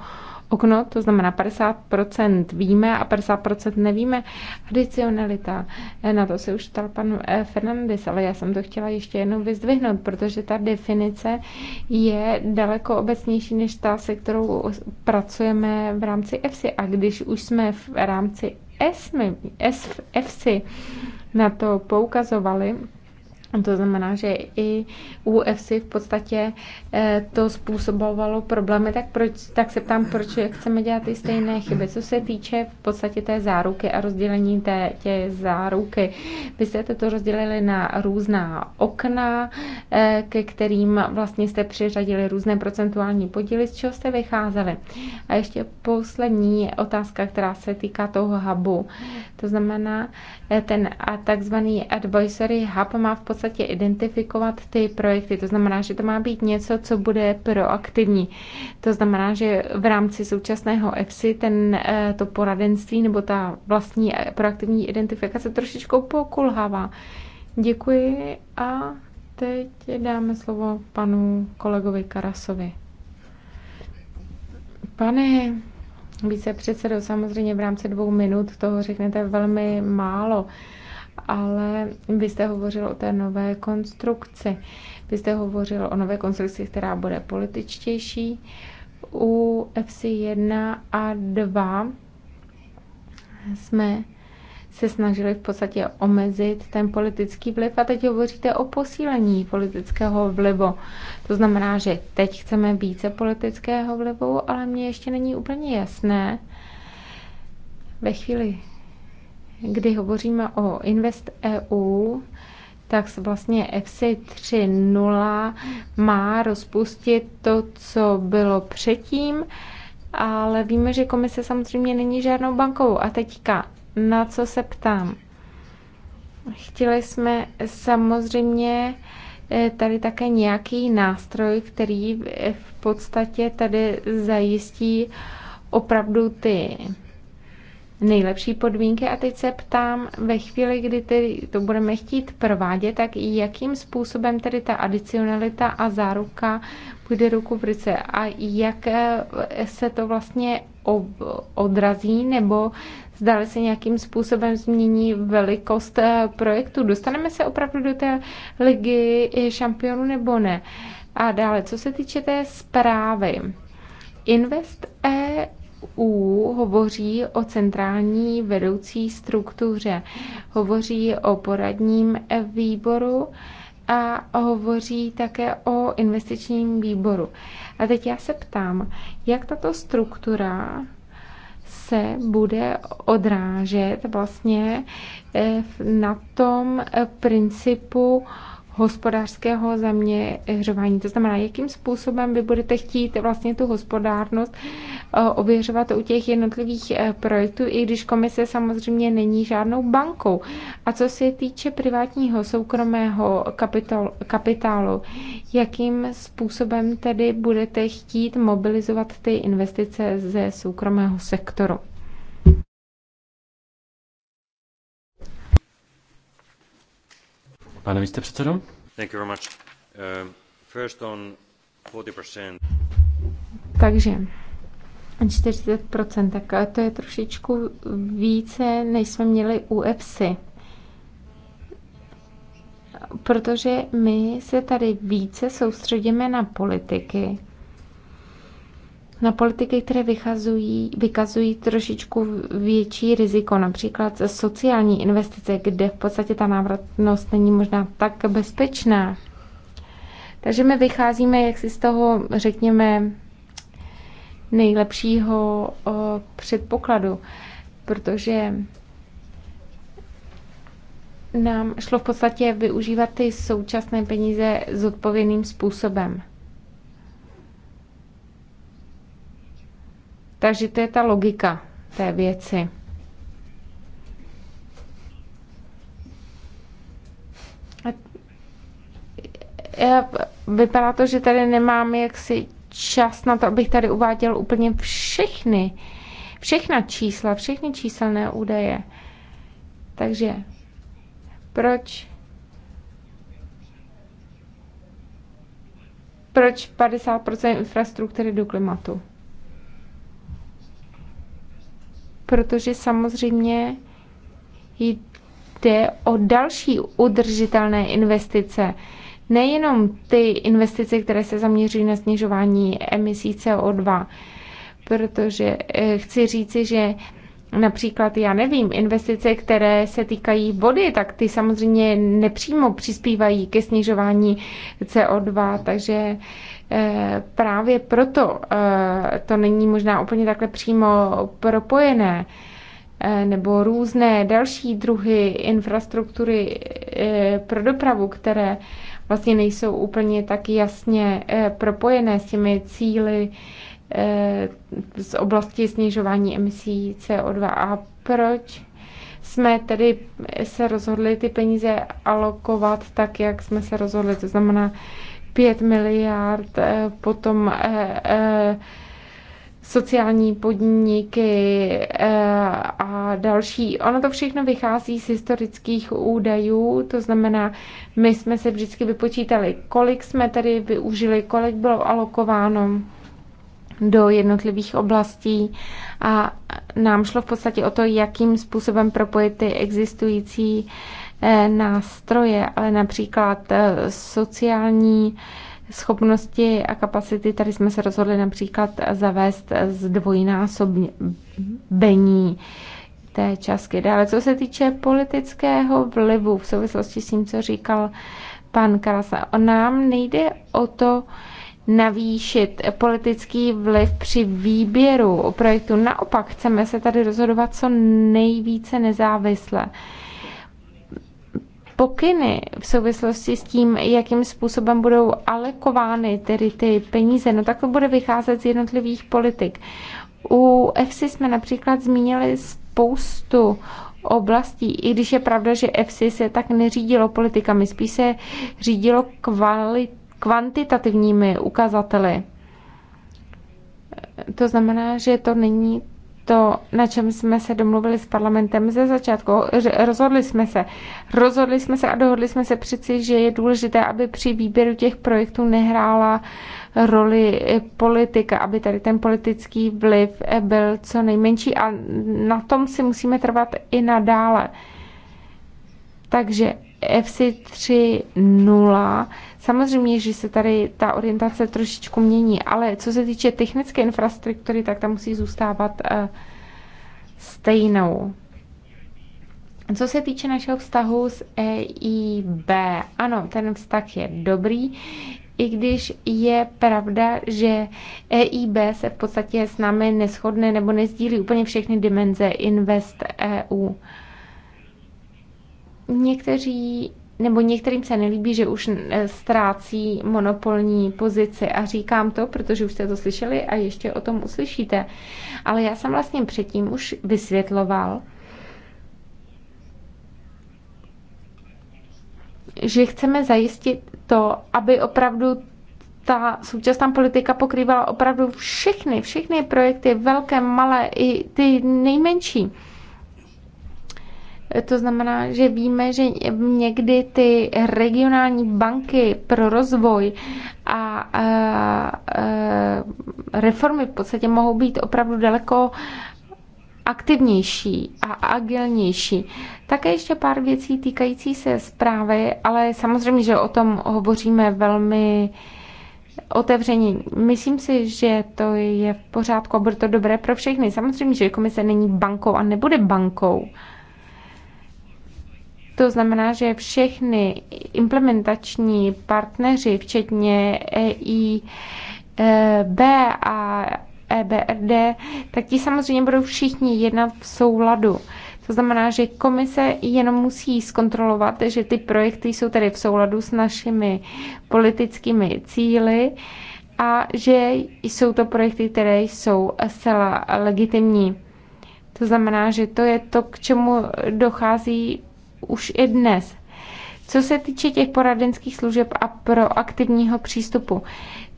okno, to znamená 50% víme a 50% nevíme. Adicionalita, eh, na to se už ptal pan eh, Fernandes, ale já jsem to chtěla ještě jednou vyzdvihnout, protože ta definice je daleko obecnější než ta, se kterou pracujeme v rámci EFSI. A když už jsme v rámci ESMI, ESF, EFSI na to poukazovali, to znamená, že i UFC v podstatě eh, to způsobovalo problémy, tak, proč, tak se ptám, proč chceme dělat ty stejné chyby. Co se týče v podstatě té záruky a rozdělení té, té záruky, vy jste to rozdělili na různá okna, eh, ke kterým vlastně jste přiřadili různé procentuální podíly, z čeho jste vycházeli. A ještě poslední otázka, která se týká toho hubu. To znamená, eh, ten takzvaný advisory hub má v podstatě podstatě identifikovat ty projekty. To znamená, že to má být něco, co bude proaktivní. To znamená, že v rámci současného EFSI ten, eh, to poradenství nebo ta vlastní eh, proaktivní identifikace trošičku pokulhává. Děkuji a teď dáme slovo panu kolegovi Karasovi. Pane vicepředsedo, samozřejmě v rámci dvou minut toho řeknete velmi málo ale vy jste hovořil o té nové konstrukci. Vy jste hovořil o nové konstrukci, která bude političtější. U FC1 a 2 jsme se snažili v podstatě omezit ten politický vliv a teď hovoříte o posílení politického vlivu. To znamená, že teď chceme více politického vlivu, ale mně ještě není úplně jasné, ve chvíli kdy hovoříme o Invest EU, tak se vlastně FC 3.0 má rozpustit to, co bylo předtím, ale víme, že komise samozřejmě není žádnou bankou. A teďka, na co se ptám? Chtěli jsme samozřejmě eh, tady také nějaký nástroj, který v podstatě tady zajistí opravdu ty nejlepší podmínky. A teď se ptám, ve chvíli, kdy tedy to budeme chtít provádět, tak jakým způsobem tedy ta adicionalita a záruka půjde ruku v ruce a jak eh, se to vlastně odrazí nebo zdali se nějakým způsobem změní velikost eh, projektu. Dostaneme se opravdu do té ligy šampionů nebo ne? A dále, co se týče té zprávy, Invest e u hovoří o centrální vedoucí struktuře, hovoří o poradním výboru a hovoří také o investičním výboru. A teď já se ptám, jak tato struktura se bude odrážet vlastně eh, na tom eh, principu hospodářského zaměřování. To znamená, jakým způsobem vy budete chtít vlastně tu hospodárnost eh, ověřovat u těch jednotlivých eh, projektů, i když komise samozřejmě není žádnou bankou. A co se týče privátního soukromého kapitol, kapitálu, jakým způsobem tedy budete chtít mobilizovat ty investice ze soukromého sektoru? Pane místopředsedo. Thank you very much. Uh, first on 40%. Takže 40%, tak eh, to je trošičku více, než jsme měli u EFSI. Protože my se tady více soustředíme na politiky, na politiky, které vykazují, vykazují trošičku větší riziko, například sociální investice, kde v podstatě ta návratnost není možná tak bezpečná. Takže my vycházíme jak si z toho, řekněme, nejlepšího předpokladu, protože nám šlo v podstatě využívat ty současné peníze zodpovědným způsobem. Takže to je ta logika té věci. E, vypadá to, že tady nemám jaksi čas na to, abych tady uváděl úplně všechny, všechna čísla, všechny číselné údaje. Takže proč proč 50% infrastruktury do klimatu? protože samozřejmě jde o další udržitelné investice. Nejenom ty investice, které se zaměřují na snižování emisí CO2, protože eh, chci říci, že například, já nevím, investice, které se týkají vody, tak ty samozřejmě nepřímo přispívají ke snižování CO2, takže Eh, právě proto eh, to není možná úplně takhle přímo propojené, eh, nebo různé další druhy infrastruktury pro dopravu, které vlastně nejsou úplně tak jasně propojené s těmi cíly z oblasti snižování emisí CO2. A proč jsme tedy se rozhodli ty peníze alokovat tak, jak jsme se rozhodli? To znamená, 5 miliard, eh, potom eh, eh, sociální podniky a další. Ono to všechno vychází z historických údajů, to znamená, my jsme se vždycky vypočítali, kolik jsme tady využili, kolik bylo alokováno do jednotlivých oblastí a nám šlo v podstatě o to, jakým způsobem propojit ty existující uh, Eh, nástroje, ale například eh, sociální schopnosti a kapacity. Tady jsme se rozhodli například zavést zdvojnásobení té částky. Dále, co se týče politického vlivu v souvislosti s tím, co říkal pan Karasa, O nám nejde o to, navýšit politický vliv při výběru projektu. Naopak chceme se tady rozhodovat co nejvíce nezávisle pokyny v souvislosti s tím, jakým způsobem budou alekovány tedy ty peníze, no tak to bude vycházet z jednotlivých politik. U EFSI jsme například zmínili spoustu oblastí, i když je pravda, že EFSI se tak neřídilo politikami, spíš se řídilo kvalit, kvantitativními ukazateli. To znamená, že to není to, na čem jsme se domluvili s parlamentem ze začátku. Rozhodli jsme se. Rozhodli jsme se a dohodli jsme se přeci, že je důležité, aby při výběru těch projektů nehrála roli politika, aby tady ten politický vliv byl co nejmenší a na tom si musíme trvat i nadále. Takže FC 3.0 Samozřejmě, že se tady ta orientace trošičku mění, ale co se týče technické infrastruktury, tak ta musí zůstávat eh, stejnou. Co se týče našeho vztahu s EIB, ano, ten vztah je dobrý, i když je pravda, že EIB se v podstatě s námi neschodne nebo nezdílí úplně všechny dimenze Invest EU. Někteří nebo některým se nelíbí, že už eh, ztrácí monopolní pozici. A říkám to, protože už jste to slyšeli a ještě o tom uslyšíte. Ale já jsem vlastně předtím už vysvětloval, že chceme zajistit to, aby opravdu ta současná politika pokrývala opravdu všechny, všechny projekty, velké, malé i ty nejmenší. To znamená, že víme, že někdy ty regionální banky pro rozvoj a, a, a reformy v podstatě mohou být opravdu daleko aktivnější a agilnější. Také ještě pár věcí týkající se zprávy, ale samozřejmě, že o tom hovoříme velmi otevřeně. Myslím si, že to je v pořádku a bude to dobré pro všechny. Samozřejmě, že komise není bankou a nebude bankou. To znamená, že všechny implementační partneři, včetně EIB e a EBRD, tak ti samozřejmě budou všichni jednat v souladu. To znamená, že komise jenom musí zkontrolovat, že ty projekty jsou tedy v souladu s našimi politickými cíly a že jsou to projekty, které jsou zcela legitimní. To znamená, že to je to, k čemu dochází už i dnes. Co se týče těch poradenských služeb a proaktivního přístupu,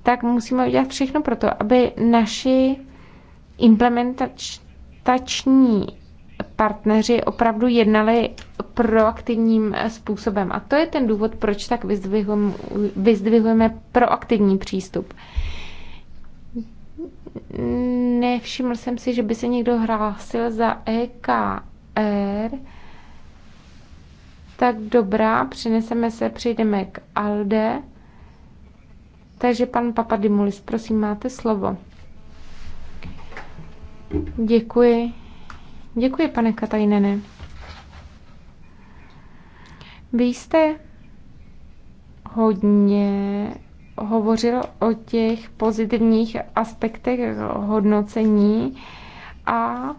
tak musíme udělat všechno pro to, aby naši implementační partneři opravdu jednali proaktivním způsobem. A to je ten důvod, proč tak vyzdvihujeme, vyzdvihujeme proaktivní přístup. Nevšiml jsem si, že by se někdo hlásil za EKR tak dobrá, přineseme se, přejdeme k Alde. Takže pan Papadimulis, prosím, máte slovo. Děkuji. Děkuji, pane Katajnene. Vy jste hodně hovořil o těch pozitivních aspektech hodnocení a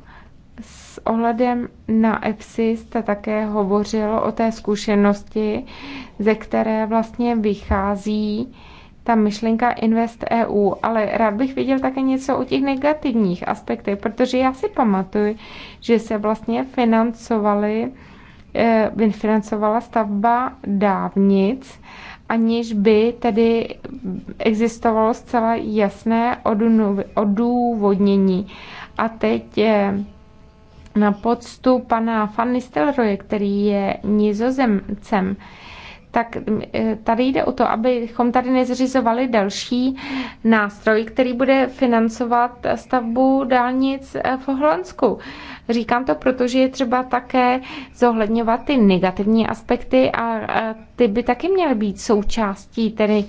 s ohledem na EFSI jste také hovořil o té zkušenosti, ze které vlastně vychází ta myšlenka Invest EU, ale rád bych viděl také něco o těch negativních aspektech, protože já si pamatuju, že se vlastně financovaly, eh, financovala stavba dávnic, aniž by tedy existovalo zcela jasné odůvodnění. A teď eh, na poctu pana Van Nistelrooye, který je nizozemcem, tak e, tady jde o to, abychom tady nezřizovali další nástroj, který bude financovat stavbu dálnic e, v Holandsku. Říkám to, protože je třeba také zohledňovat ty negativní aspekty a e, ty by taky měly být součástí tedy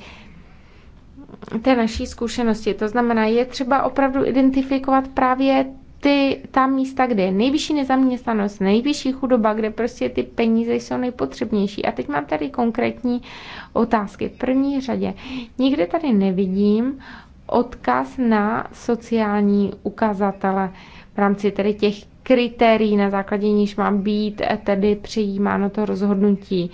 té naší zkušenosti. To znamená, je třeba opravdu identifikovat právě ty, ta místa, kde je nejvyšší nezaměstnanost, nejvyšší chudoba, kde prostě ty peníze jsou nejpotřebnější. A teď mám tady konkrétní otázky. V první řadě, nikde tady nevidím odkaz na sociální ukazatele v rámci tedy těch kritérií, na základě níž má být tedy přijímáno to rozhodnutí.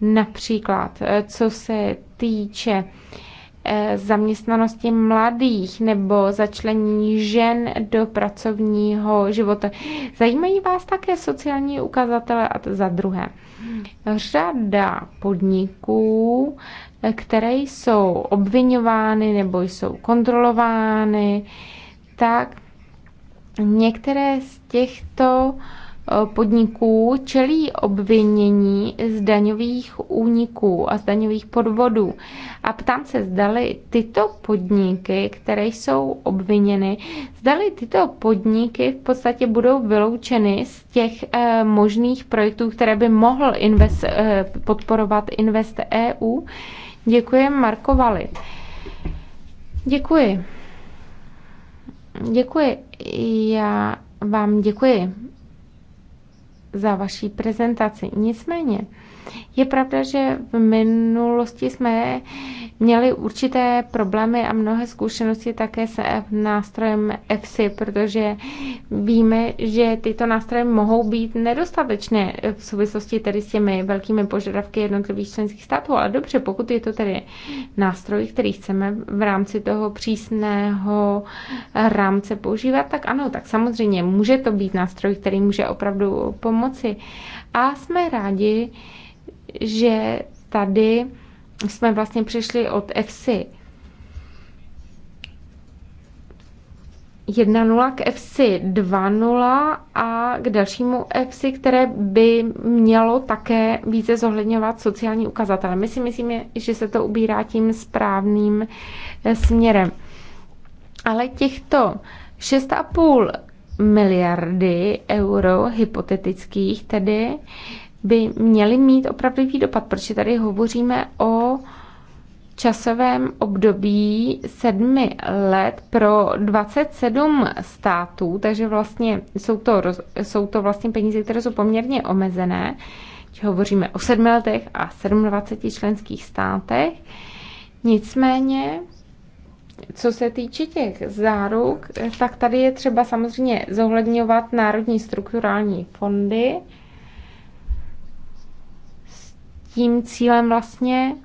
Například, co se týče uh, Eh, zaměstnanosti mladých nebo začlenění žen do pracovního života. Zajímají vás také sociální ukazatele a za druhé. Řada podniků, eh, které jsou obvinovány nebo jsou kontrolovány, tak některé z těchto Eh, podniků čelí obvinění z daňových úniků a z daňových podvodů. A ptám se, zdali tyto podniky, které jsou obviněny, zdali tyto podniky v podstatě budou vyloučeny z těch eh, možných projektů, které by mohl invest, eh, podporovat Invest EU. Děkuji Markovali. Děkuji. Děkuji. Já vám děkuji za vaší prezentaci. Nicméně, je pravda, že v minulosti jsme měli určité problémy a mnohé zkušenosti také s nástrojem EFSI, protože víme, že tyto nástroje mohou být nedostatečné v souvislosti tedy s těmi velkými požadavky jednotlivých členských států. Ale dobře, pokud je to tedy nástroj, který chceme v rámci toho přísného rámce používat, tak ano, tak samozřejmě může to být nástroj, který může opravdu pomoci. A jsme rádi, že tady jsme vlastně přišli od FC 1.0 k FC 2.0 a k dalšímu FC, které by mělo také více zohledňovat sociální ukazatele. My si myslíme, že se to ubírá tím správným eh, směrem. Ale těchto 6,5 miliardy euro hypotetických tedy by měly mít opravdový dopad, protože tady hovoříme o časovém období sedmi let pro 27 států, takže vlastně jsou to, jsou to vlastně peníze, které jsou poměrně omezené. Či hovoříme o sedmi letech a 27 členských státech. Nicméně, co se týče těch záruk, tak tady je třeba samozřejmě zohledňovat národní strukturální fondy, tím cílem vlastně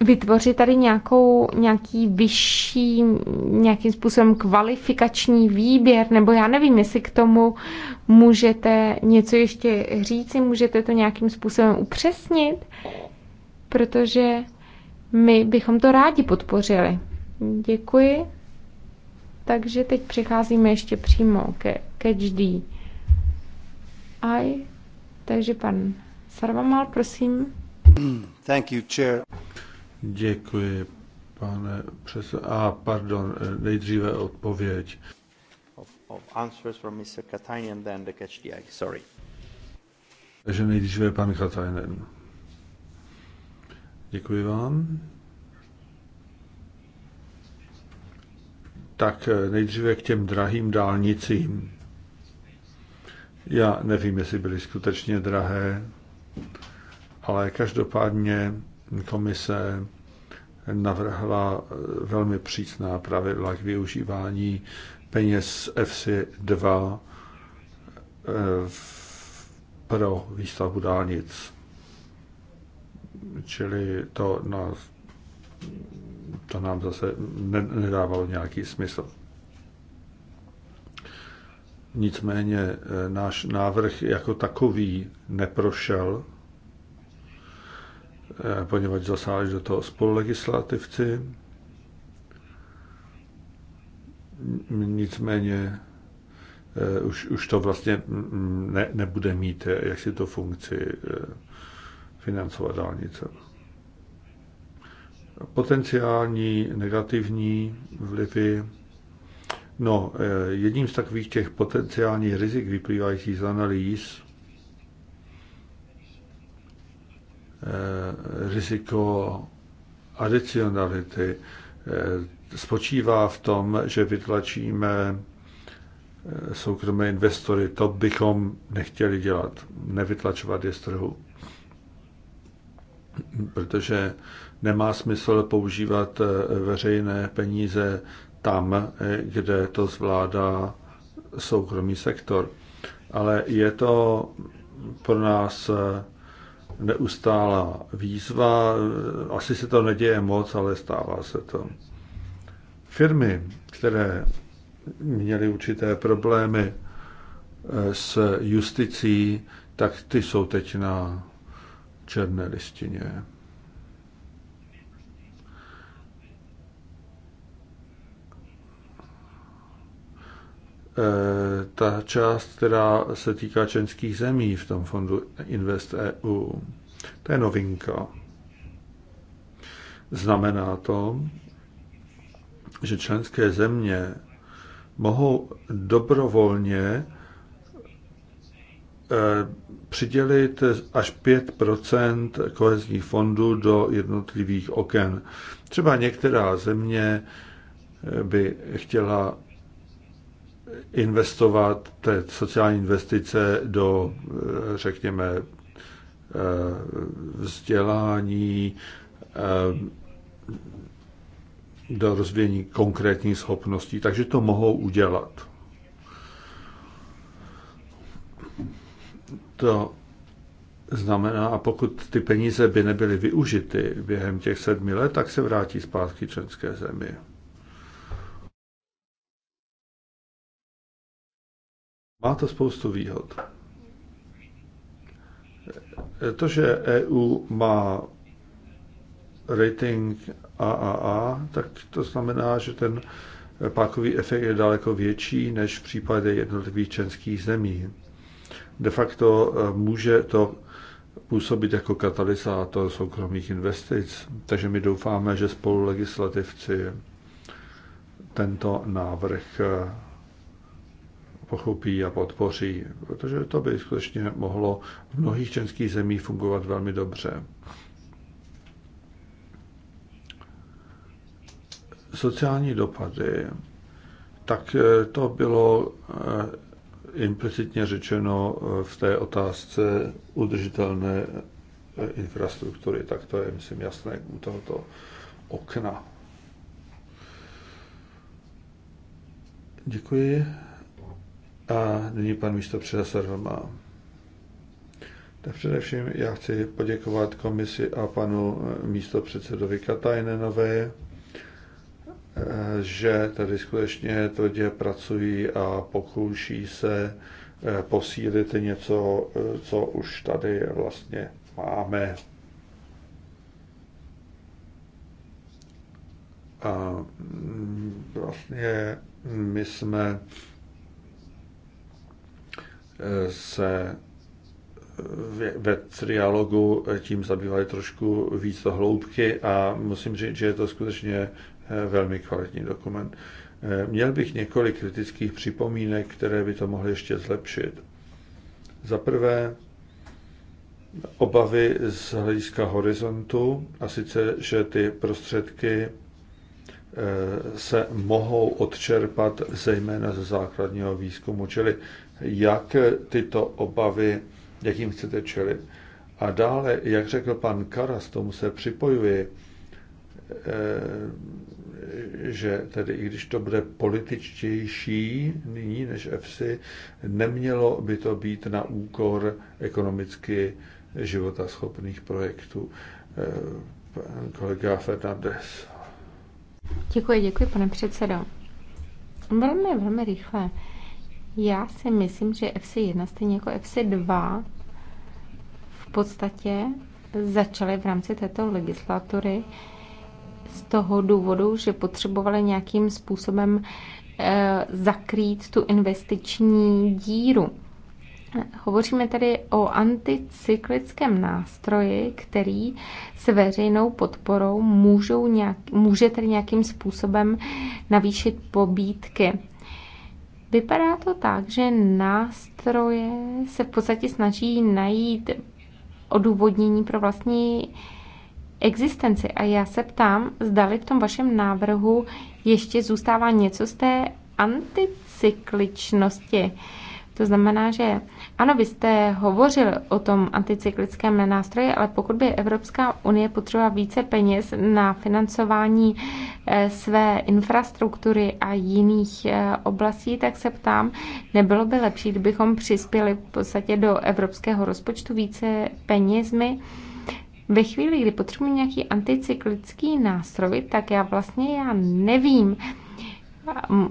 vytvořit tady nějakou, nějaký vyšší, nějakým způsobem kvalifikační výběr, nebo já nevím, jestli k tomu můžete něco ještě říct, můžete to nějakým způsobem upřesnit, protože my bychom to rádi podpořili. Děkuji. Takže teď přecházíme ještě přímo ke, ke I takže pan Sarvamal, prosím. Thank you, chair. Děkuji, pane přes... A pardon, nejdříve odpověď. Of, of answers from Mr. Katainen, then the catch the eye. Sorry. Takže nejdříve pan Katainen. Děkuji vám. Tak eh, nejdříve k těm drahým dálnicím. Já nevím, jestli byly skutečně drahé, ale každopádně komise navrhla velmi přísná pravidla k využívání peněz FC2 eh, pro výstavbu dálnic. Čili to, nás, to nám zase nedávalo nějaký smysl. Nicméně eh, náš návrh jako takový neprošel, eh, poněvadž zasáhli do toho spolulegislativci. Nicméně eh, už, už to vlastně ne, nebude mít jak si to funkci financovat dálnice. Potenciální negativní vlivy No, eh, jedním z takových těch potenciálních rizik vyplývajících z analýz eh, riziko adicionality eh, spočívá v tom, že vytlačíme soukromé investory. To bychom nechtěli dělat, nevytlačovat je z trhu. Protože nemá smysl používat veřejné peníze tam, eh, kde to zvládá soukromý sektor. Ale je to pro nás eh, neustálá výzva. Eh, asi se to neděje moc, ale stává se to. Firmy, které měly určité problémy s justicí, tak ty jsou teď na černé listině. Eh, ta část, která se týká členských zemí v tom fondu Invest EU, to je novinka. Znamená to, že členské země mohou dobrovolně eh, přidělit až 5 kohezních fondů do jednotlivých oken. Třeba některá země eh, by chtěla investovat té sociální investice do, eh, řekněme, eh, vzdělání, eh, do rozvíjení konkrétních schopností, takže to mohou udělat. To znamená, a pokud ty peníze by nebyly využity během těch sedmi let, tak se vrátí zpátky členské země. Má to spoustu výhod. To, že EU má rating AAA, tak to znamená, že ten pákový efekt je daleko větší než v případě jednotlivých členských zemí. De facto eh, může to působit jako katalyzátor soukromých investic, takže my doufáme, že spolulegislativci tento návrh eh, pochopí a podpoří, protože to by skutečně mohlo v mnohých českých zemích fungovat velmi dobře. Sociální dopady, tak eh, to bylo eh, implicitně řečeno eh, v té otázce udržitelné infrastruktury, tak to je, myslím, jasné u tohoto okna. Děkuji. A nyní pan místo předseda má. Tak především já chci poděkovat komisi a panu eh, místo předsedovi Katajnenové, eh, že tady skutečně tvrdě pracují a pokouší se eh, posílit něco, co už tady vlastně máme. A mm, vlastně my jsme se ve trialogu tím zabývali trošku víc do hloubky a musím říct, že je to skutečně eh, velmi kvalitní dokument. Eh, měl bych několik kritických připomínek, které by to mohly ještě zlepšit. Za prvé, obavy z hlediska horizontu, a sice, že ty prostředky eh, se mohou odčerpat zejména ze základního výzkumu. Čili jak tyto obavy, jak jim chcete čelit. A dále, jak řekl pan Karas, tomu se připojuje, eh, že tedy i když to bude političtější nyní než EFSI, nemělo by to být na úkor ekonomicky života schopných projektů. Eh, pan kolega Fernandez. Děkuji, děkuji, pane předsedo. Velmi, velmi rychle. Já si myslím, že FC1 stejně jako FC2 v podstatě začaly v rámci této legislatury z toho důvodu, že potřebovali nějakým způsobem eh, zakrýt tu investiční díru. Hovoříme tady o anticyklickém nástroji, který s veřejnou podporou můžou nějak, může tedy nějakým způsobem navýšit pobídky Vypadá to tak, že nástroje se v podstatě snaží najít odůvodnění pro vlastní existenci. A já se ptám, zdali v tom vašem návrhu ještě zůstává něco z té anticykličnosti. To znamená, že ano, vy jste hovořil o tom anticyklickém nástroji, ale pokud by Evropská unie potřebovala více peněz na financování eh, své infrastruktury a jiných eh, oblastí, tak se ptám, nebylo by lepší, kdybychom přispěli v podstatě do evropského rozpočtu více penězmi? Ve chvíli, kdy potřebuji nějaký anticyklický nástroj, tak já vlastně já nevím,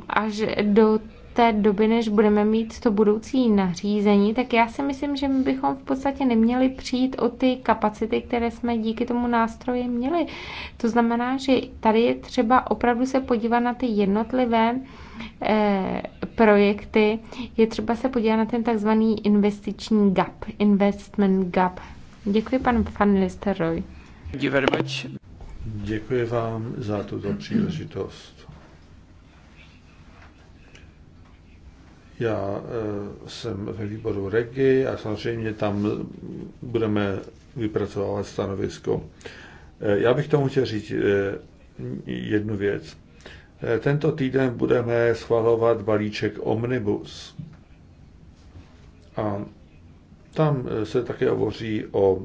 až do té doby, než budeme mít to budoucí nařízení, tak já si myslím, že my bychom v podstatě neměli přijít o ty kapacity, které jsme díky tomu nástroji měli. To znamená, že tady je třeba opravdu se podívat na ty jednotlivé eh, projekty. Je třeba se podívat na ten takzvaný investiční gap, investment gap. Děkuji, pan Van Roy. Děkuji vám za tuto příležitost. Já eh, jsem ve výboru REGI a samozřejmě tam budeme vypracovávat stanovisko. Eh, já bych tomu chtěl říct eh, jednu věc. Tento týden budeme schvalovat balíček Omnibus. A tam se také hovoří o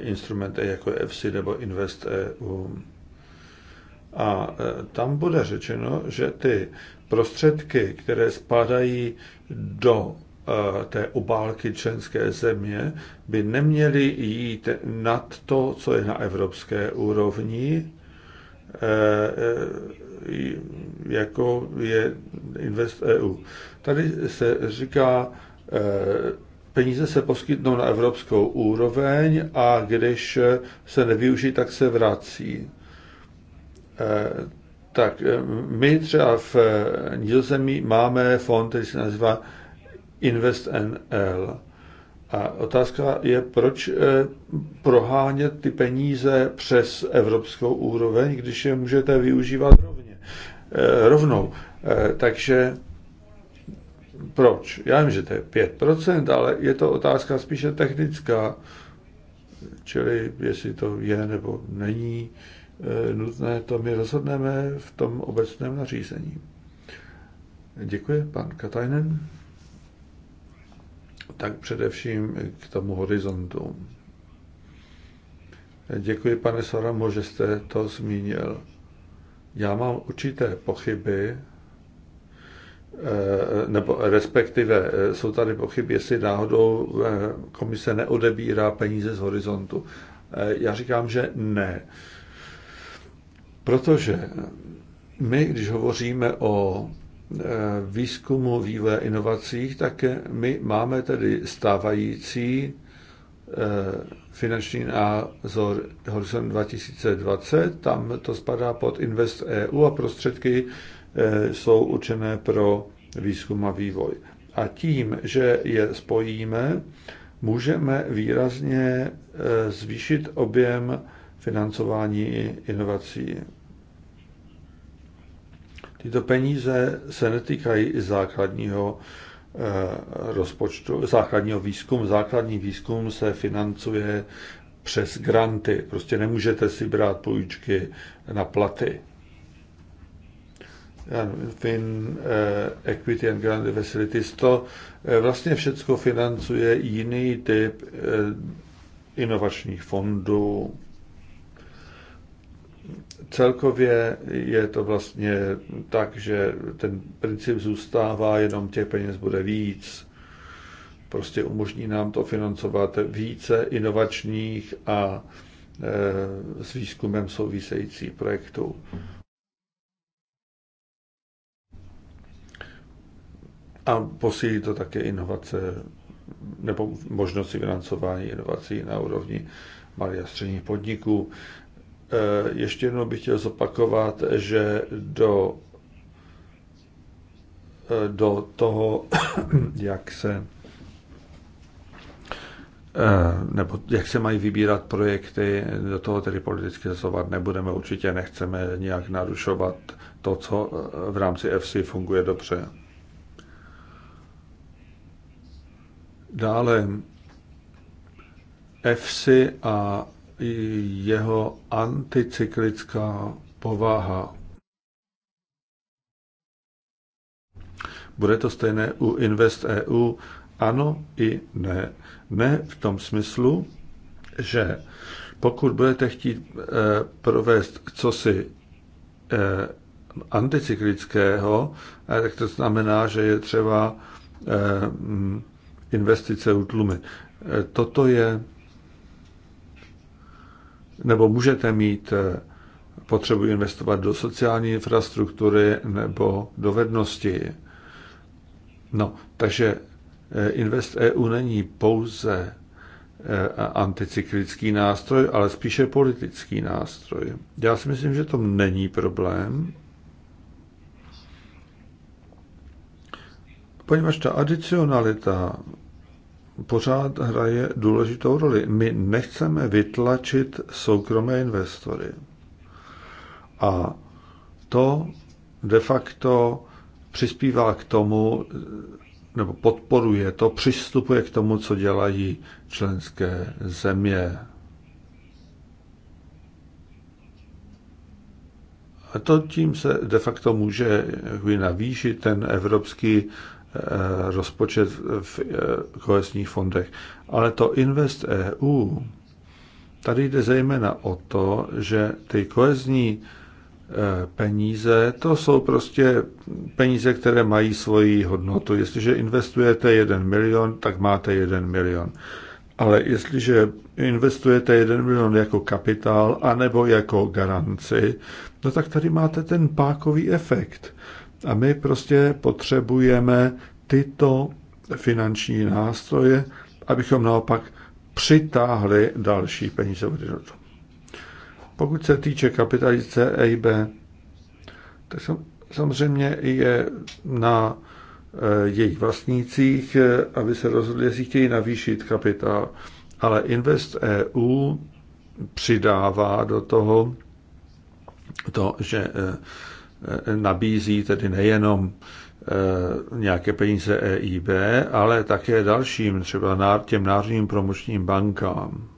instrumentech jako FC nebo EU. E a tam bude řečeno, že ty prostředky, které spadají do eh, té obálky členské země, by neměly jít nad to, co je na evropské úrovni, eh, eh, jako je Invest EU. Tady se říká, peníze se poskytnou na evropskou úroveň a když se nevyužijí, tak se vrací tak eh, my třeba v eh, Nizozemí máme fond, který se nazývá Invest NL. A otázka je, proč eh, prohánět ty peníze přes evropskou úroveň, když je můžete využívat rovně, rovnou. Takže proč? Já vím, že to je 5%, ale je to otázka spíše technická, čili jestli to je nebo není Eh, nutné, to my rozhodneme v tom obecném nařízení. Děkuji, pan Katajnen. Tak především k tomu horizontu. Eh, děkuji, pane Saramo, že jste to zmínil. Já mám určité pochyby, eh, nebo respektive jsou tady pochyby, jestli náhodou komise neodebírá peníze z horizontu. Já říkám, že ne. Protože my, když hovoříme o e, výzkumu, vývoje, inovacích, tak my máme tedy stávající e, finanční názor Horizon 2020, tam to spadá pod Invest EU a prostředky e, jsou určené pro výzkum a vývoj. A tím, že je spojíme, můžeme výrazně zvýšit objem financování inovací. Tyto peníze se netýkají i základního eh, rozpočtu, základního výzkumu. Základní výzkum se financuje přes granty. Prostě nemůžete si brát půjčky na platy. Fin eh, Equity and Grant Facilities, to eh, vlastně všechno financuje jiný typ inovačních fondů, celkově je to vlastně tak, že ten princip zůstává, jenom těch peněz bude víc. Prostě umožní nám to financovat více inovačních a e, s výzkumem související projektů. A posílí to také inovace nebo možnosti financování inovací na úrovni malých a středních podniků. Eh, ještě jednou bych chtěl zopakovat, že do, eh, do toho, jak se eh, nebo jak se mají vybírat projekty, do toho tedy politicky zasovat nebudeme, určitě nechceme nějak narušovat to, co v rámci FC funguje dobře. Dále FC a jeho anticyklická povaha. Bude to stejné u Invest EU? Ano i ne. Ne v tom smyslu, že pokud budete chtít eh, provést cosi eh, anticyklického, eh, tak to znamená, že je třeba eh, mm, investice utlumit. Eh, toto je nebo můžete mít eh, potřebu investovat do sociální infrastruktury nebo do vednosti. No, takže eh, Invest EU není pouze eh, anticyklický nástroj, ale spíše politický nástroj. Já si myslím, že to není problém, poněvadž ta adicionalita pořád hraje důležitou roli. My nechceme vytlačit soukromé investory. A to de facto přispívá k tomu, nebo podporuje to, přistupuje k tomu, co dělají členské země. A to tím se de facto může navýšit ten evropský Eh, rozpočet v eh, kohesních fondech. Ale to Invest EU, tady jde zejména o to, že ty kohezní eh, peníze, to jsou prostě peníze, které mají svoji hodnotu. Jestliže investujete jeden milion, tak máte jeden milion. Ale jestliže investujete 1 milion jako kapitál anebo jako garanci, no tak tady máte ten pákový efekt. A my prostě potřebujeme tyto finanční nástroje, abychom naopak přitáhli další peníze Pokud se týče kapitalizace EIB, tak samozřejmě je na eh, jejich vlastnících, eh, aby se rozhodli, jestli chtějí navýšit kapitál. Ale Invest EU přidává do toho to, že eh, Eh, nabízí tedy nejenom eh, nějaké peníze EIB, ale také dalším, třeba těm národním promočním bankám.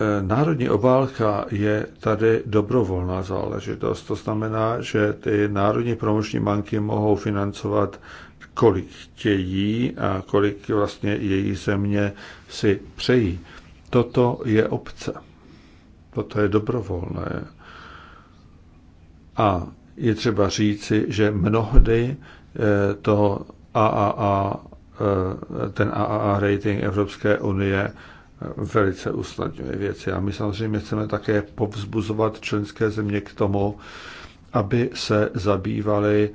Eh, národní obálka je tady dobrovolná záležitost. To znamená, že ty národní promoční banky mohou financovat kolik chtějí a kolik vlastně její země si přejí. Toto je obce. Toto je dobrovolné. A je třeba říci, že mnohdy eh, to AAA, eh, ten AAA rating Evropské unie eh, velice usnadňuje věci. A my samozřejmě chceme také povzbuzovat členské země k tomu, aby se zabývaly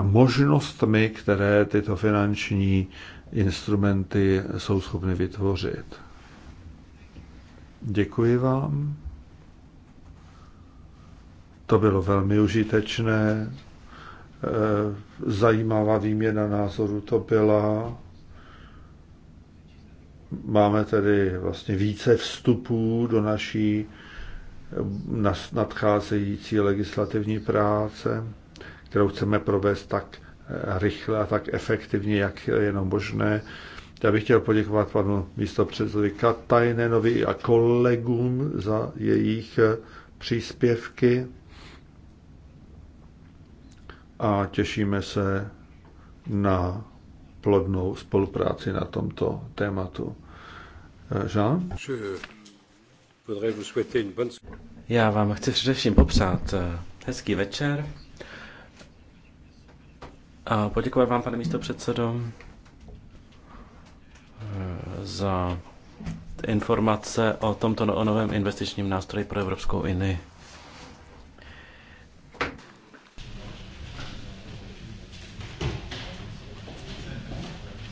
možnostmi, které tyto finanční instrumenty jsou schopny vytvořit. Děkuji vám. To bylo velmi užitečné. Eh, zajímavá výměna názoru to byla. Máme tedy vlastně více vstupů do naší eh, nadcházející legislativní práce kterou chceme provést tak eh, rychle a tak efektivně, jak je jenom možné. Já bych chtěl poděkovat panu místopředsedovi Katajnenovi a kolegům za jejich eh, příspěvky a těšíme se na plodnou spolupráci na tomto tématu. Eh, Jean? Já vám chci především popřát hezký večer. A poděkuji vám, pane místo předsedo, za informace o tomto no, novém investičním nástroji pro Evropskou unii.